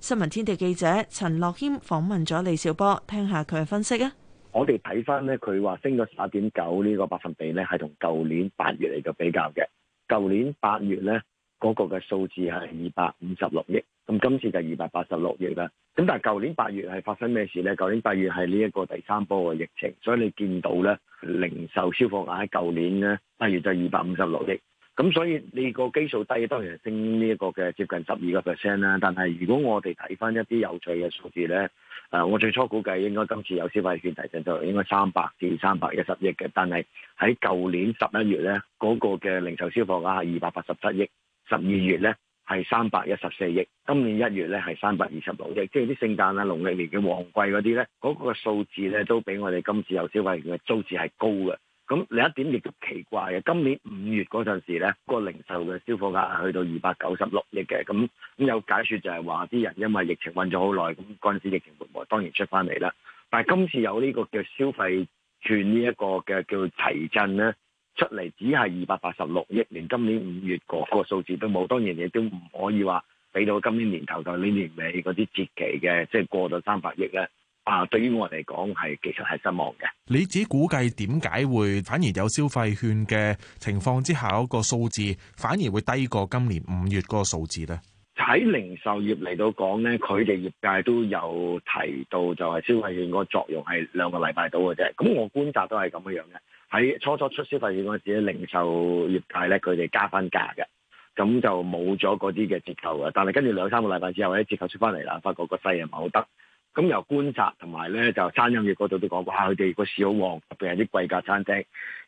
新聞天地記者陳樂謙訪問咗李兆波，聽下佢嘅分析啊！我哋睇翻咧，佢話升咗十八點九呢個百分比咧，係同舊年八月嚟到比較嘅。舊年八月咧，嗰個嘅數字係二百五十六億，咁今次就二百八十六億啦。咁但係舊年八月係發生咩事咧？舊年八月係呢一個第三波嘅疫情，所以你見到咧，零售消費額喺舊年咧八月就二百五十六億，咁所以你個基數低，當然係升呢一個嘅接近十二個 percent 啦。但係如果我哋睇翻一啲有趣嘅數字咧。誒，我最初估計應該今次有消費券提振，就應該三百至三百一十億嘅。但係喺舊年十一月咧，嗰、嗰個嘅零售消費額係二百八十七億；十二月咧係三百一十四億；今年一月咧係三百二十六億。即係啲聖誕啊、農曆年嘅旺季嗰啲咧，嗰、嗰個數字咧都比我哋今次有消費券嘅租字係高嘅。咁另一點亦都奇怪嘅，今年五月嗰陣時咧，個零售嘅消費額係去到二百九十六億嘅，咁咁有解説就係話啲人因為疫情困咗好耐，咁嗰陣時疫情緩和，當然出翻嚟啦。但係今次有呢個叫消費券呢一個嘅叫提振咧，出嚟只係二百八十六億，連今年五月嗰個數字都冇。當然亦都唔可以話俾到今年年頭就你年尾嗰啲節期嘅，即係過到三百億咧。啊！對於我嚟講，係其實係失望嘅。你自己估計點解會反而有消費券嘅情況之下，一個數字反而會低過今年五月嗰個數字咧？喺零售業嚟到講咧，佢哋業界都有提到，就係消費券個作用係兩個禮拜到嘅啫。咁我觀察都係咁嘅樣嘅。喺初初出消費券嗰陣時咧，零售業界咧佢哋加翻價嘅，咁就冇咗嗰啲嘅折扣嘅。但係跟住兩三個禮拜之後，啲折扣出翻嚟啦，發覺個勢又唔係好得。咁由觀察同埋咧，就餐飲業嗰度都講過，啊佢哋個市好旺，特別係啲貴價餐廳。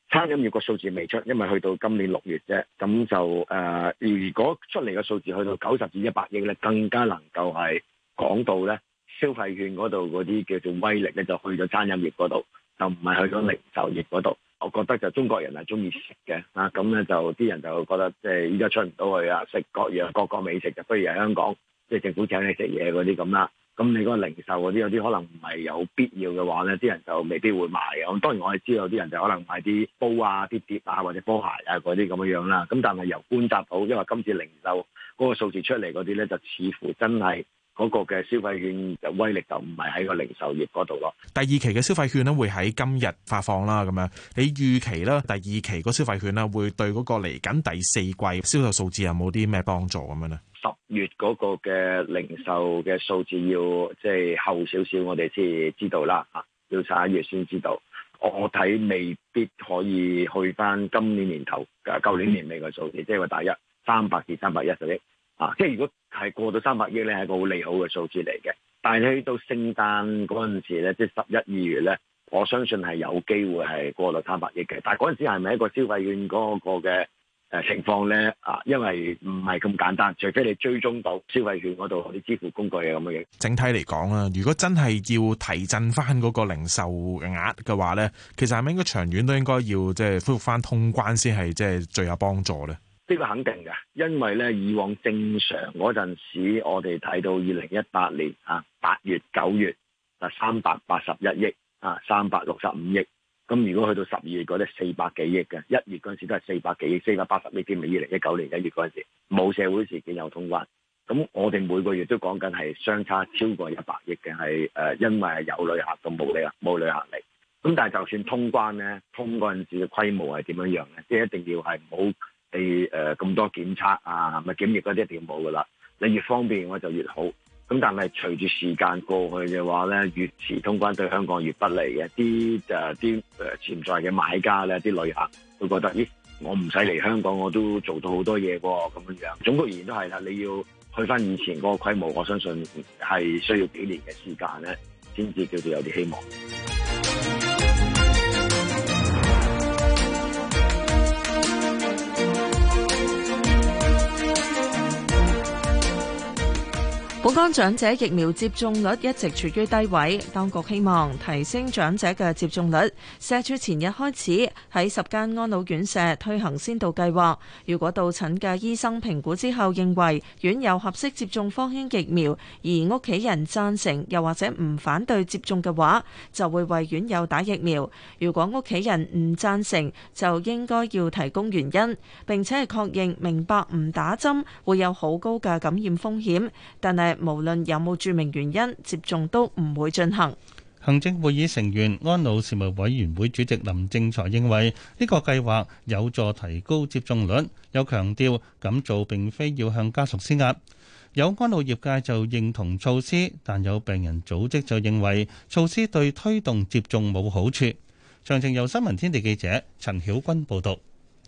餐飲業個數字未出，因為去到今年六月啫。咁就誒、呃，如果出嚟個數字去到九十至一百億咧，更加能夠係講到咧消費券嗰度嗰啲叫做威力咧，就去咗餐飲業嗰度，就唔係去咗零售業嗰度。我覺得就中國人係中意食嘅，啊咁咧就啲人就覺得即係依家出唔到去啊，食各樣各個美食就不如喺香港，即係政府請你食嘢嗰啲咁啦。咁你嗰個零售嗰啲有啲可能唔係有必要嘅話咧，啲人就未必會買嘅。咁當然我係知道啲人就可能買啲煲啊、啲碟啊或者波鞋啊嗰啲咁嘅樣啦。咁但係由觀察到，因為今次零售嗰個數字出嚟嗰啲咧，就似乎真係嗰個嘅消費券嘅威力就唔係喺個零售業嗰度咯。第二期嘅消費券咧會喺今日發放啦，咁樣你預期咧第二期個消費券咧會對嗰個嚟緊第四季銷售數字有冇啲咩幫助咁樣咧？十月嗰個嘅零售嘅數字要即係、就是、後少少，我哋先知道啦嚇，要十一月先知道。我睇未必可以去返今年年頭嘅舊年年尾嘅數字，嗯、即係話大一三百至三百一十億,億啊！即係如果係過到三百億咧，係個好利好嘅數字嚟嘅。但係去到聖誕嗰陣時咧，即係十一二月咧，我相信係有機會係過到三百億嘅。但係嗰陣時係咪一個消費券嗰個嘅？誒，情況咧，啊，因為唔係咁簡單，除非你追蹤到消費券嗰度啲支付工具嘅咁嘅嘢，整體嚟講啊。如果真係要提振翻嗰個零售額嘅話咧，其實係咪應該長遠都應該要即係恢復翻通關先係即係最有幫助咧？呢個肯定嘅，因為咧以往正常嗰陣時，我哋睇到二零一八年啊八月九月啊，三百八十一億啊三百六十五億。咁如果去到十二月嗰啲四百幾億嘅，一月嗰陣時都係四百幾億四百八十億呢，咪二零一九年一月嗰陣時冇社會事件有通關，咁我哋每個月都講緊係相差超過一百億嘅係。誒，因為係有旅客就冇旅客冇旅客嚟。咁但係就算通關咧，通嗰陣時嘅規模係點樣樣咧？即係一定要係冇誒誒咁多檢測啊、咪檢疫嗰啲，一定要冇噶啦。你越方便我就越好。咁但係隨住時間過去嘅話咧，越遲通關對香港越不利嘅，啲誒啲誒潛在嘅買家咧，啲旅客會覺得，咦，我唔使嚟香港我都做到好多嘢喎，咁樣樣總括而言都係啦，你要去返以前嗰個規模，我相信係需要幾年嘅時間咧，先至叫做有啲希望。干長者疫苗接種率一直處於低位，當局希望提升長者嘅接種率。社署前日開始喺十間安老院舍推行先導計劃，如果到診嘅醫生評估之後認為院友合適接種科興疫苗，而屋企人贊成又或者唔反對接種嘅話，就會為院友打疫苗。如果屋企人唔贊成，就應該要提供原因，並且係確認明白唔打針會有好高嘅感染風險，但係，無論有冇注明原因，接種都唔會進行。行政會議成員安老事務委員會主席林正財認為呢個計劃有助提高接種率，有強調咁做並非要向家屬施壓。有安老業界就認同措施，但有病人組織就認為措施對推動接種冇好處。詳情由新聞天地記者陳曉君報道。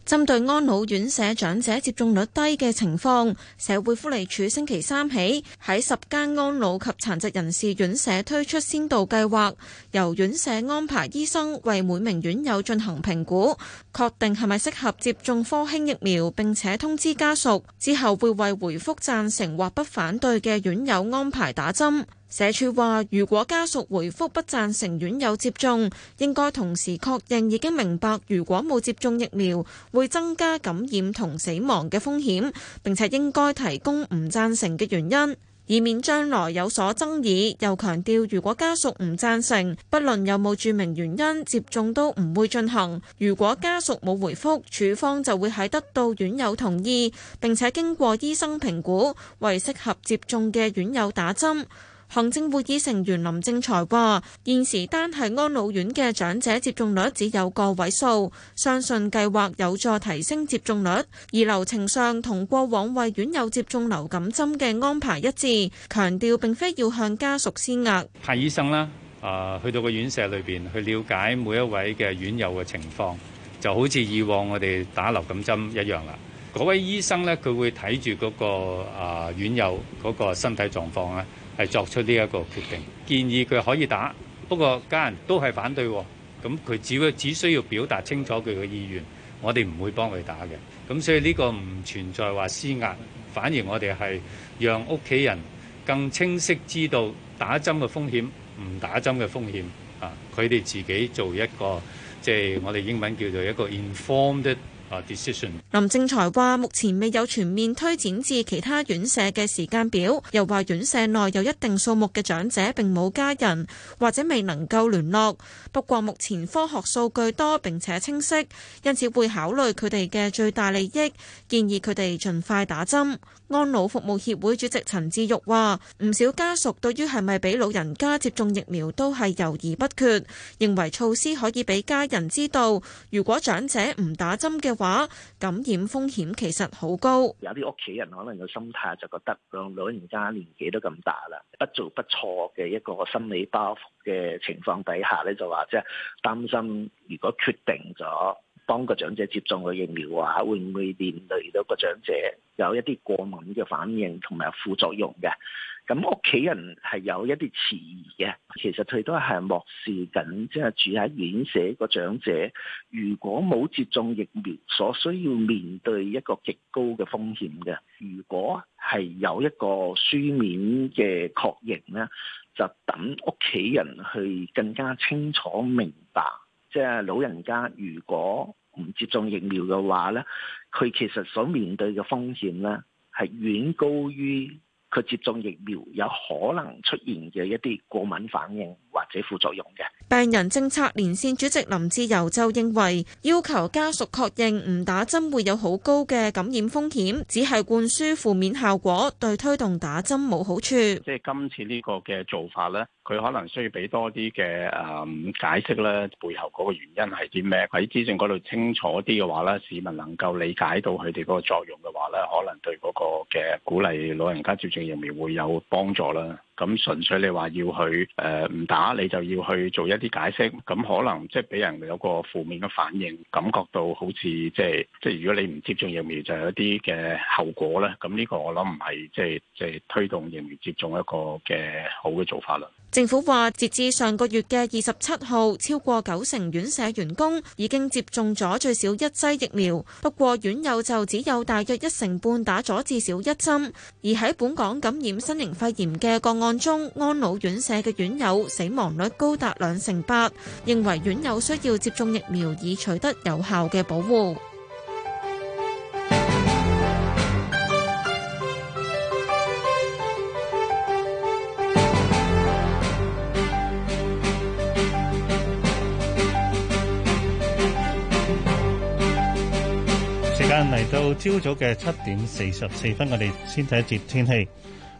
針對安老院舍長者接種率低嘅情況，社會福利署星期三起喺十間安老及殘疾人士院舍推出先導計劃，由院舍安排醫生為每名院友進行評估，確定係咪適合接種科興疫苗，並且通知家屬，之後會為回覆贊成或不反對嘅院友安排打針。社署話：如果家屬回覆不贊成院友接種，應該同時確認已經明白，如果冇接種疫苗會增加感染同死亡嘅風險，並且應該提供唔贊成嘅原因，以免將來有所爭議。又強調，如果家屬唔贊成，不論有冇注明原因，接種都唔會進行。如果家屬冇回覆署方就會喺得到院友同意，並且經過醫生評估為適合接種嘅院友打針。行政會議成員林正才話：現時單係安老院嘅長者接種率只有個位數，相信計劃有助提升接種率。而流程上同過往為院友接種流感針嘅安排一致，強調並非要向家屬施壓。派醫生啦。啊，去到個院舍裏邊去了解每一位嘅院友嘅情況，就好似以往我哋打流感針一樣啦。嗰位醫生呢，佢會睇住嗰個啊院友嗰個身體狀況咧，係作出呢一個決定，建議佢可以打，不過家人都係反對喎。咁佢只會只需要表達清楚佢嘅意願，我哋唔會幫佢打嘅。咁所以呢個唔存在話施壓，反而我哋係讓屋企人更清晰知道打針嘅風險，唔打針嘅風險啊。佢哋自己做一個即係、就是、我哋英文叫做一個 informed。林正財話：目前未有全面推展至其他院舍嘅時間表，又話院舍內有一定數目嘅長者並冇家人或者未能夠聯絡。不過目前科學數據多並且清晰，因此會考慮佢哋嘅最大利益，建議佢哋盡快打針。安老服務協會主席陳志玉話：唔少家屬對於係咪俾老人家接種疫苗都係猶疑不決，認為措施可以俾家人知道，如果長者唔打針嘅。嘅話感染風險其實好高，有啲屋企人可能個心態就覺得個老人家年紀都咁大啦，不做不錯嘅一個心理包袱嘅情況底下咧，就話即係擔心，如果決定咗幫個長者接種個疫苗嘅話，會唔會連累到個長者有一啲過敏嘅反應同埋副作用嘅？咁屋企人係有一啲遲疑嘅，其實佢都係漠視緊，即係住喺院舍個長者，如果冇接種疫苗，所需要面對一個極高嘅風險嘅。如果係有一個書面嘅確認咧，就等屋企人去更加清楚明白，即係老人家如果唔接種疫苗嘅話咧，佢其實所面對嘅風險咧，係遠高於，佢接種疫苗有可能出現嘅一啲過敏反應或者副作用嘅。病人政策連線主席林志游就認為要求家屬確認唔打針會有好高嘅感染風險，只係灌輸負面效果，對推動打針冇好處，即係今次呢個嘅做法咧，佢可能需要俾多啲嘅誒，解釋咧，背後嗰個原因係啲咩？喺資訊嗰度清楚啲嘅話咧，市民能夠理解到佢哋嗰個作用嘅話咧，可能對嗰個嘅鼓勵老人家接種疫苗會有幫助啦。 咁純粹你話要去誒唔打，你就要去做一啲解釋，咁可能即係俾人哋有個負面嘅反應，感覺到好似即係即係，如果你唔接種疫苗就有一啲嘅後果咧。咁呢個我諗唔係即係即係推動疫苗接種一個嘅好嘅做法啦。政府話，截至上個月嘅二十七號，超過九成院舍員工已經接種咗最少一劑疫苗，不過院友就只有大約一成半打咗至少一針。而喺本港感染新型肺炎嘅個案，案中安老院舍嘅院友死亡率高達兩成八，認為院友需要接種疫苗以取得有效嘅保護。時間嚟到朝早嘅七點四十四分，我哋先睇一節天氣。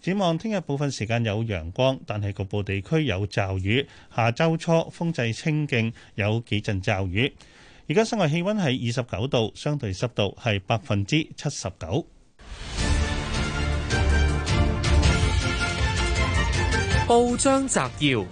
展望聽日部分時間有陽光，但係局部地區有驟雨。下周初風勢清勁，有幾陣驟雨。而家室外氣溫係二十九度，相對濕度係百分之七十九。報章摘要。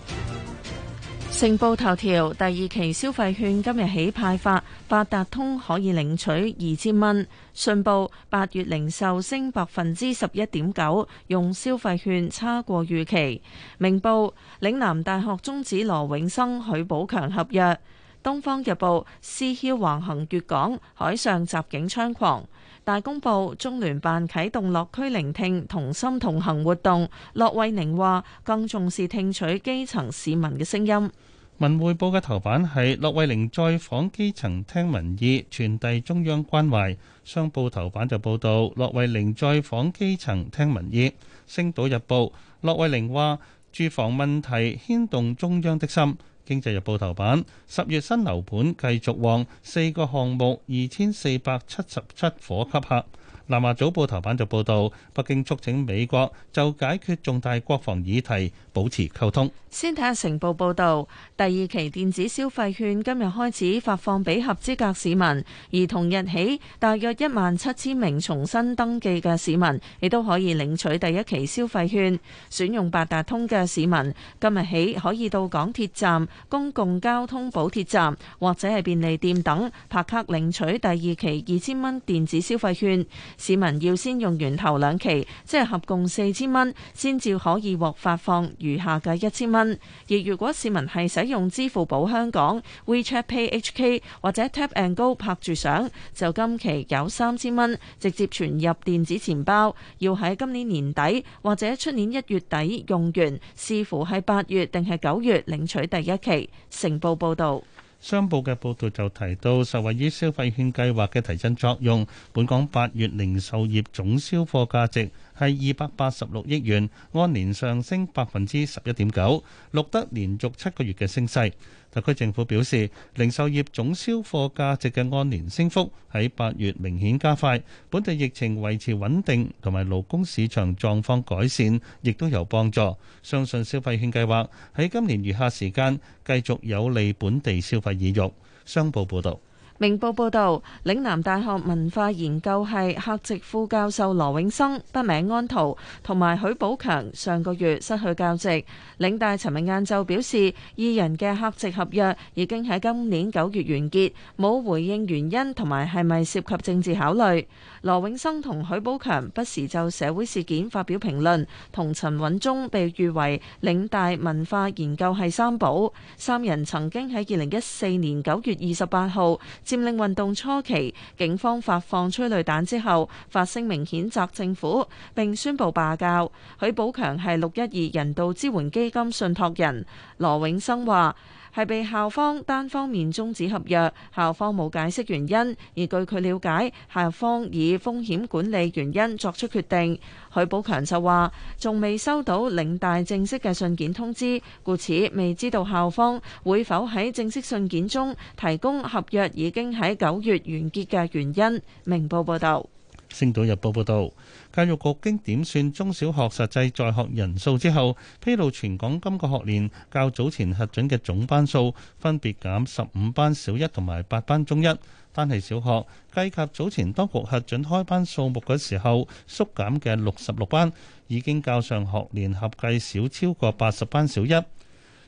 成報頭條第二期消費券今日起派發，八達通可以領取二千蚊。信報八月零售升百分之十一點九，用消費券差過預期。明報嶺南大學終止羅永生、許寶強合約。東方日報私梟橫行粵港，海上襲警猖狂。大公報中聯辦啟動落區聆聽同心同行活動，駱惠寧話更重視聽取基層市民嘅聲音。文滙報嘅頭版係駱惠寧再訪基層聽民意，傳遞中央關懷。商報頭版就報道駱惠寧再訪基層聽民意。星島日報駱惠寧話：住房問題牽動中央的心。經濟日報頭版十月新樓盤繼續旺，四個項目二千四百七十七伙吸客。南華早報頭版就報道，北京促請美國就解決重大國防議題保持溝通。先睇下成報報導，第二期電子消費券今日開始發放俾合資格市民，而同日起，大約一萬七千名重新登記嘅市民亦都可以領取第一期消費券。選用八達通嘅市民今日起可以到港鐵站、公共交通補貼站或者係便利店等拍卡領取第二期二千蚊電子消費券。市民要先用完頭兩期，即係合共四千蚊，先至可以獲發放餘下嘅一千蚊。而如果市民係使用支付寶香港、WeChat Pay HK 或者 Tap and Go 拍住賞，就今期有三千蚊直接存入電子錢包，要喺今年年底或者出年一月底用完，視乎係八月定係九月領取第一期。成報報道。商報嘅報導就提到，受惠於消費券計劃嘅提振作用，本港八月零售業總銷貨價值係二百八十六億元，按年上升百分之十一點九，錄得連續七個月嘅升勢。特區政府表示，零售業總銷貨價值嘅按年升幅喺八月明顯加快，本地疫情維持穩定同埋勞工市場狀況改善，亦都有幫助。相信消費券計劃喺今年餘下時間繼續有利本地消費意欲。商報報導。明報報導，嶺南大學文化研究系客席副，副教授羅永生、筆名安徒同埋許寶強上個月失去教席。嶺大尋日晏晝表示，二人嘅客席合約已經喺今年九月完結，冇回應原因同埋係咪涉及政治考慮。羅永生同許寶強不時就社會事件發表評論，同陳允中被譽為嶺大文化研究系三寶。三人曾經喺二零一四年九月二十八號，佔領運動初期，警方發放催淚彈之後，發聲明譴責政府，並宣布罷教。許寶強係六一二人道支援基金信託人，羅永生話。係被校方單方面終止合約，校方冇解釋原因。而據佢了解，校方以風險管理原因作出決定。許寶強就話：仲未收到嶺大正式嘅信件通知，故此未知道校方會否喺正式信件中提供合約已經喺九月完結嘅原因。明報報道。星島日報報道，教育局經點算中小學實際在學人數之後，披露全港今個學年較早前核准嘅總班數，分別減十五班小一同埋八班中一。單係小學計及早前當局核准開班數目嘅時候，縮減嘅六十六班，已經較上學年合計少超過八十班小一。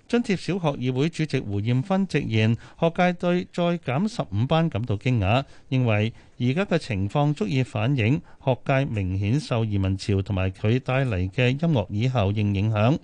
津貼小學議會主席胡艷芬直言，學界對再減十五班感到驚訝，認為而家嘅情況足以反映學界明顯受移民潮同埋佢帶嚟嘅音樂椅效應影響。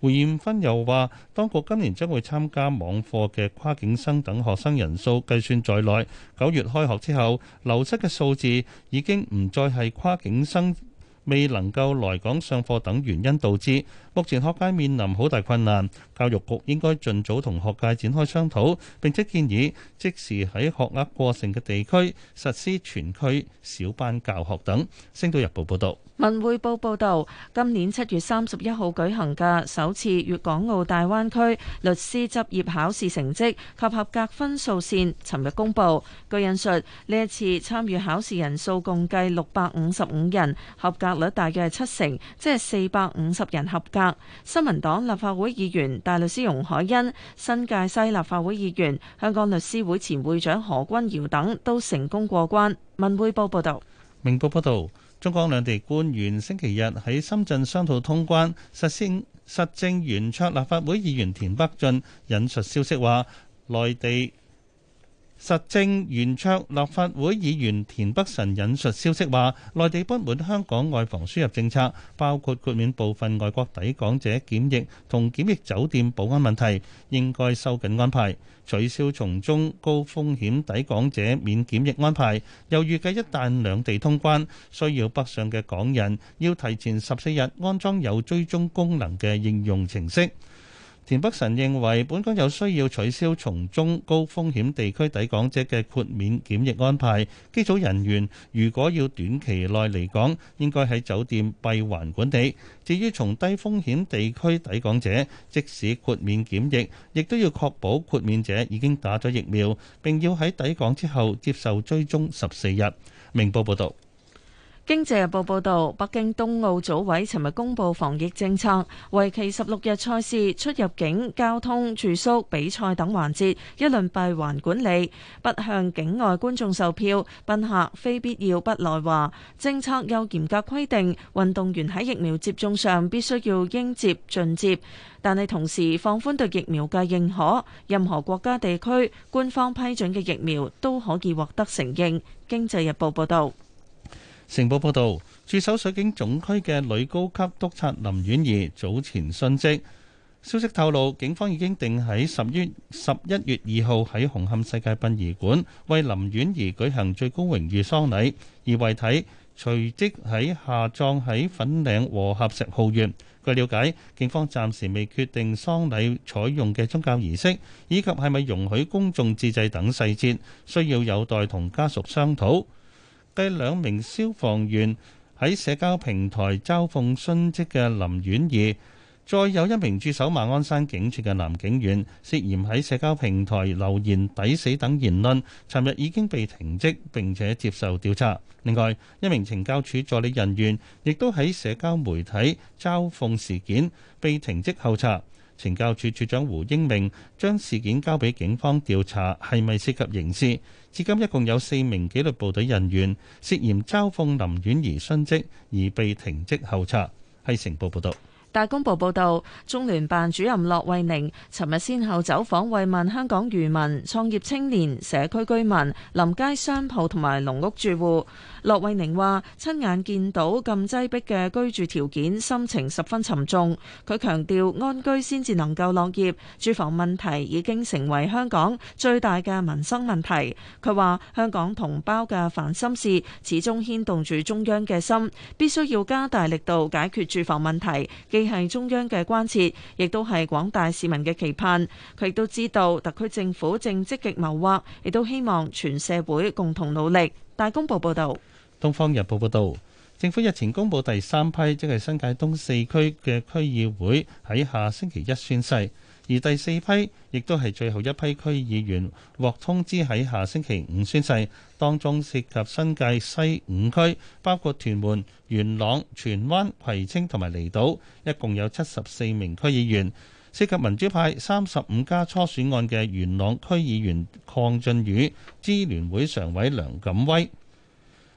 胡艷芬又話，當局今年將會參加網課嘅跨境生等學生人數計算在內，九月開學之後流失嘅數字已經唔再係跨境生未能夠來港上課等原因導致。目前學界面臨好大困難，教育局應該盡早同學界展開商討，並且建議即時喺學額過剩嘅地區實施全區小班教學等。星島日報報道。《文匯報》報道，今年七月三十一號舉行嘅首次粵港澳大灣區律師執業考試成績及合格分數線，尋日公佈。據引述，呢一次參與考試人數共計六百五十五人，合格率大約係七成，即係四百五十人合格。新民黨立法會議員、大律師容海恩、新界西立法會議員、香港律師會前會長何君堯等都成功過關。文匯報報道，明報報道，中港兩地官員星期日喺深圳商討通關。實政實政圓桌立法會議員田北俊引述消息話，內地。實政圓桌立法會議員田北辰引述消息話，內地不滿香港外防輸入政策，包括豁免部分外國抵港者檢疫同檢疫酒店保安問題，應該收緊安排，取消從中高風險抵港者免檢疫安排。又預計一旦兩地通關，需要北上嘅港人要提前十四日安裝有追蹤功能嘅應用程式。田北辰認為，本港有需要取消從中高風險地區抵港者嘅豁免檢疫安排。機組人員如果要短期內嚟港，應該喺酒店閉環管理。至於從低風險地區抵港者，即使豁免檢疫，亦都要確保豁免者已經打咗疫苗，並要喺抵港之後接受追蹤十四日。明報報道。經濟日報報道，北京冬奧組委尋日公布防疫政策，為期十六日賽事，出入境、交通、住宿、比賽等環節一輪閉環管理，不向境外觀眾售票，賓客非必要不來華。政策又嚴格規定，運動員喺疫苗接種上必須要應接盡接，但係同時放寬對疫苗嘅認可，任何國家地區官方批准嘅疫苗都可以獲得承認。經濟日報報道。成報報道，駐守水警總區嘅女高級督察林婉儀早前殉職。消息透露，警方已經定喺十月十一月二號喺紅磡世界殯儀館為林婉儀舉行最高榮譽喪禮，而遺體隨即喺下葬喺粉嶺和合石墓園。據瞭解，警方暫時未決定喪禮採用嘅宗教儀式，以及係咪容許公眾致祭等細節，需要有待同家屬商討。繼兩名消防員喺社交平台嘲諷殉職嘅林婉儀，再有一名駐守馬鞍山警署嘅男警員，涉嫌喺社交平台留言抵死等言論，尋日已經被停職並且接受調查。另外，一名懲教署助理人員亦都喺社交媒體嘲諷事件，被停職候查。懲教署署長胡英明將事件交俾警方調查，係咪涉及刑事。至今一共有四名紀律部隊人員涉嫌嘲諷林婉儀殉職而被停職候查，係城報報導。大公報報道，中聯辦主任駱惠寧尋日先後走訪慰問香港漁民、創業青年、社區居民、臨街商鋪同埋農屋住戶。駱惠寧話：親眼見到咁擠迫嘅居住條件，心情十分沉重。佢強調安居先至能夠樂業，住房問題已經成為香港最大嘅民生問題。佢話香港同胞嘅煩心事始終牽動住中央嘅心，必須要加大力度解決住房問題，既係中央嘅關切，亦都係廣大市民嘅期盼。佢亦都知道特區政府正積極謀劃，亦都希望全社會共同努力。大公報報道。《東方日報》報導，政府日前公布第三批，即係新界東四區嘅區議會喺下星期一宣誓，而第四批亦都係最後一批區議員獲通知喺下星期五宣誓。當中涉及新界西五區，包括屯門、元朗、荃灣、葵青同埋離島，一共有七十四名區議員，涉及民主派三十五家初選案嘅元朗區議員亢俊宇、支聯會常委梁錦威。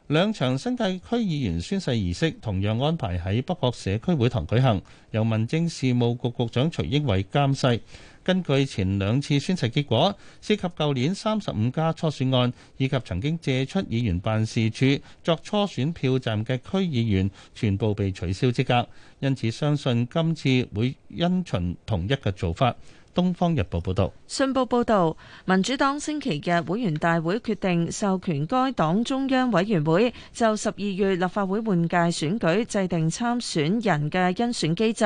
兩場新界區議員宣誓儀式同樣安排喺北角社區會堂舉行，由民政事務局局長徐英偉監誓。根據前兩次宣誓結果，涉及舊年三十五家初選案以及曾經借出議員辦事處作初選票站嘅區議員，全部被取消資格，因此相信今次會因循同一嘅做法。《東方日報》報導，信報報導，民主黨星期日會員大會決定授權該黨中央委員會就十二月立法會換屆選舉制定參選人嘅甄選機制。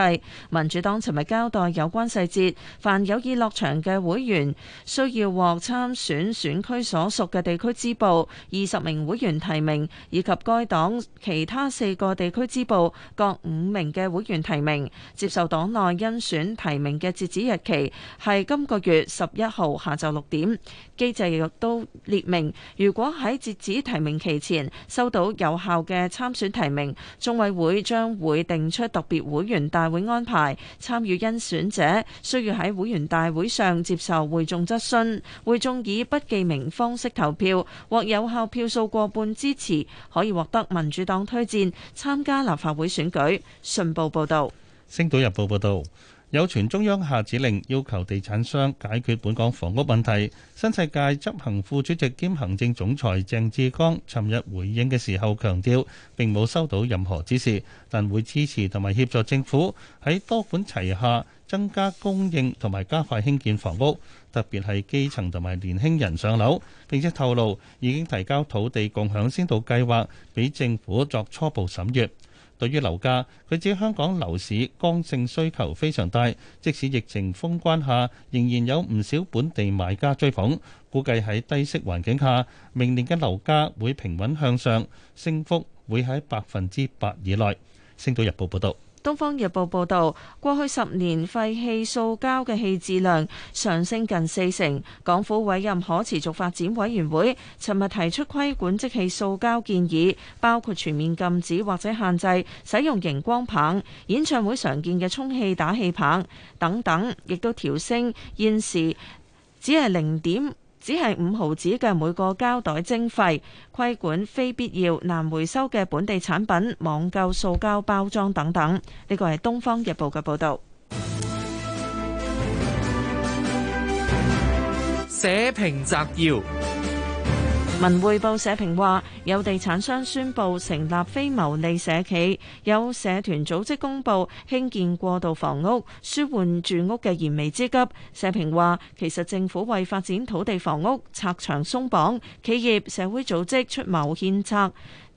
民主黨尋日交代有關細節，凡有意落場嘅會員需要獲參選選區所屬嘅地區支部二十名會員提名，以及該黨其他四個地區支部各五名嘅會員提名。接受黨內甄選提名嘅截止日期係今個月十一號下晝六點，機制亦都列明，如果喺截止提名期前收到有效嘅參選提名，中委會將會定出特別會員大會安排。參與甄選者需要喺會員大會上接受會眾質詢，會眾以不記名方式投票，獲有效票數過半支持，可以獲得民主黨推薦參加立法會選舉。信報報道。《星島日報》報導。有傳中央下指令要求地產商解決本港房屋問題，新世界執行副主席兼行政總裁鄭志剛尋日回應嘅時候強調，並冇收到任何指示，但會支持同埋協助政府喺多管齊下增加供應同埋加快興建房屋，特別係基層同埋年輕人上樓。並且透露已經提交土地共享先導計劃俾政府作初步審閱。對於樓價，佢指香港樓市剛性需求非常大，即使疫情封關下，仍然有唔少本地買家追捧。估計喺低息環境下，明年嘅樓價會平穩向上，升幅會喺百分之八以內。星島日報報道。《東方日報》報導，過去十年廢棄塑膠嘅棄置量上升近四成。港府委任可持續發展委員會，尋日提出規管即棄塑膠建議，包括全面禁止或者限制使用螢光棒、演唱會常見嘅充氣打氣棒等等，亦都調升現時只係零點只係五毫紙嘅每個膠袋徵費，規管非必要難回收嘅本地產品、網購塑膠包裝等等。呢個係《東方日報》嘅報導。社評摘要。文匯報社評話，有地產商宣布成立非牟利社企，有社團組織公布興建過渡房屋，舒緩住屋嘅燃眉之急。社評話，其實政府為發展土地房屋拆牆鬆綁，企業、社會組織出謀獻策。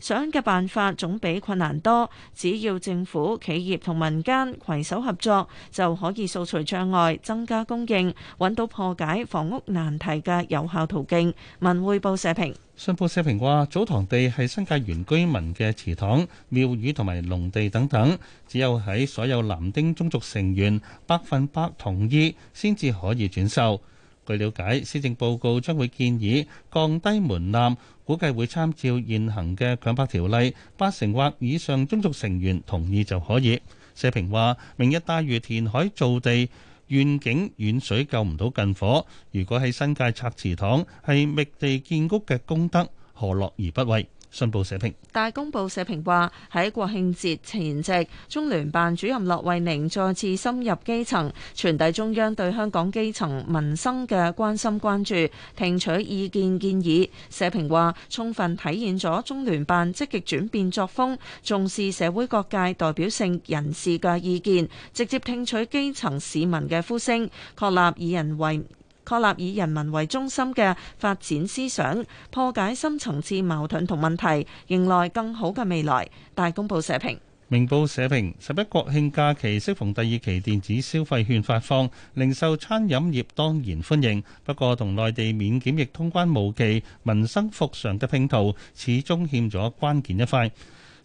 想嘅辦法總比困難多，只要政府、企業同民間攜手合作，就可以掃除障礙，增加供應，揾到破解房屋難題嘅有效途徑。文匯報社評。信報社評話，祖堂地係新界原居民嘅祠堂、廟宇同埋農地等等，只有喺所有男丁宗族成員百分百同意，先至可以轉售。據了解,施政報告將會建議降低門檻,估計會參照現行嘅強迫條例,八成或以上宗族成員同意就可以。社評話,明日大嶼填海造地,遠景,遠水救唔到近火,如果喺新界拆祠堂,係覓地建屋嘅功德,何樂而不為。信報社評。大公報社評話，喺國慶節前夕，中聯辦主任駱惠寧再次深入基層，傳遞中央對香港基層民生嘅關心關注，聽取意見建議。社評話充分體現咗中聯辦積極轉變作風，重視社會各界代表性人士嘅意見，直接聽取基層市民嘅呼聲，確立以人為。確立以人民為中心嘅發展思想，破解深層次矛盾同問題，迎來更好嘅未來。大公報社評，明報社評。十一國慶假期適逢第二期電子消費券發放，零售餐飲業當然歡迎。不過，同內地免檢疫通關無期，民生復常嘅拼圖，始終欠咗關鍵一塊。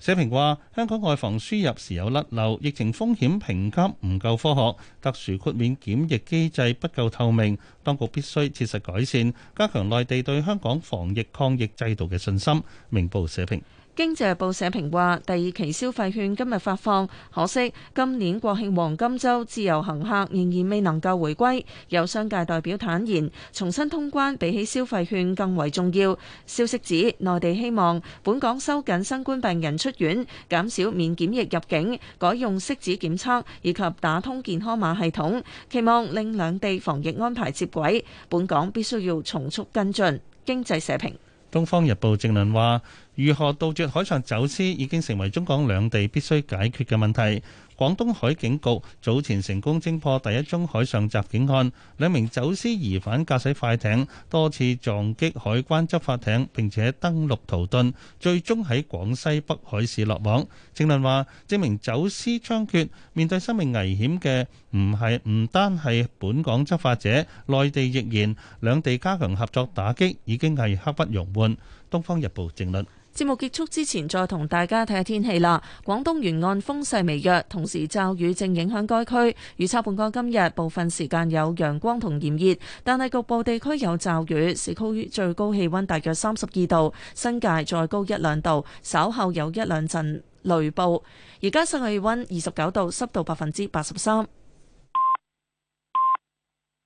社評話：香港外防輸入時有甩漏，疫情風險評級唔夠科學，特殊豁免檢疫機制不夠透明，當局必須切實改善，加強內地對香港防疫抗疫制度嘅信心。明報社評。經濟日報社評話：第二期消費券今日發放，可惜今年國慶黃金周自由行客仍然未能夠回歸。有商界代表坦言，重新通關比起消費券更為重要。消息指，內地希望本港收緊新冠病人出院，減少免檢疫入境，改用試紙檢測，以及打通健康碼系統，期望令兩地防疫安排接軌。本港必須要重速跟進。經濟社評，《東方日報》正論話。如何杜絕海上走私已經成為中港兩地必須解決嘅問題，廣東海警局早前成功偵破第一宗海上襲警案，兩名走私疑犯駕駛快艇多次撞擊海關執法艇，並且登陸逃遁，最終喺廣西北海市落網，正論話，證明走私猖獗，面對生命危險嘅唔係唔單係本港執法者，內地亦然。兩地加強合作打擊已經係刻不容緩。《東方日報》政論節目結束之前，再同大家睇下天氣啦。廣東沿岸風勢微弱，同時驟雨正影響該區。預測本港今日部分時間有陽光同炎熱，但係局部地區有驟雨，市區最高氣温大約三十二度，新界再高一兩度，稍後有一兩陣雷暴。而家室氣温二十九度，濕度百分之八十三。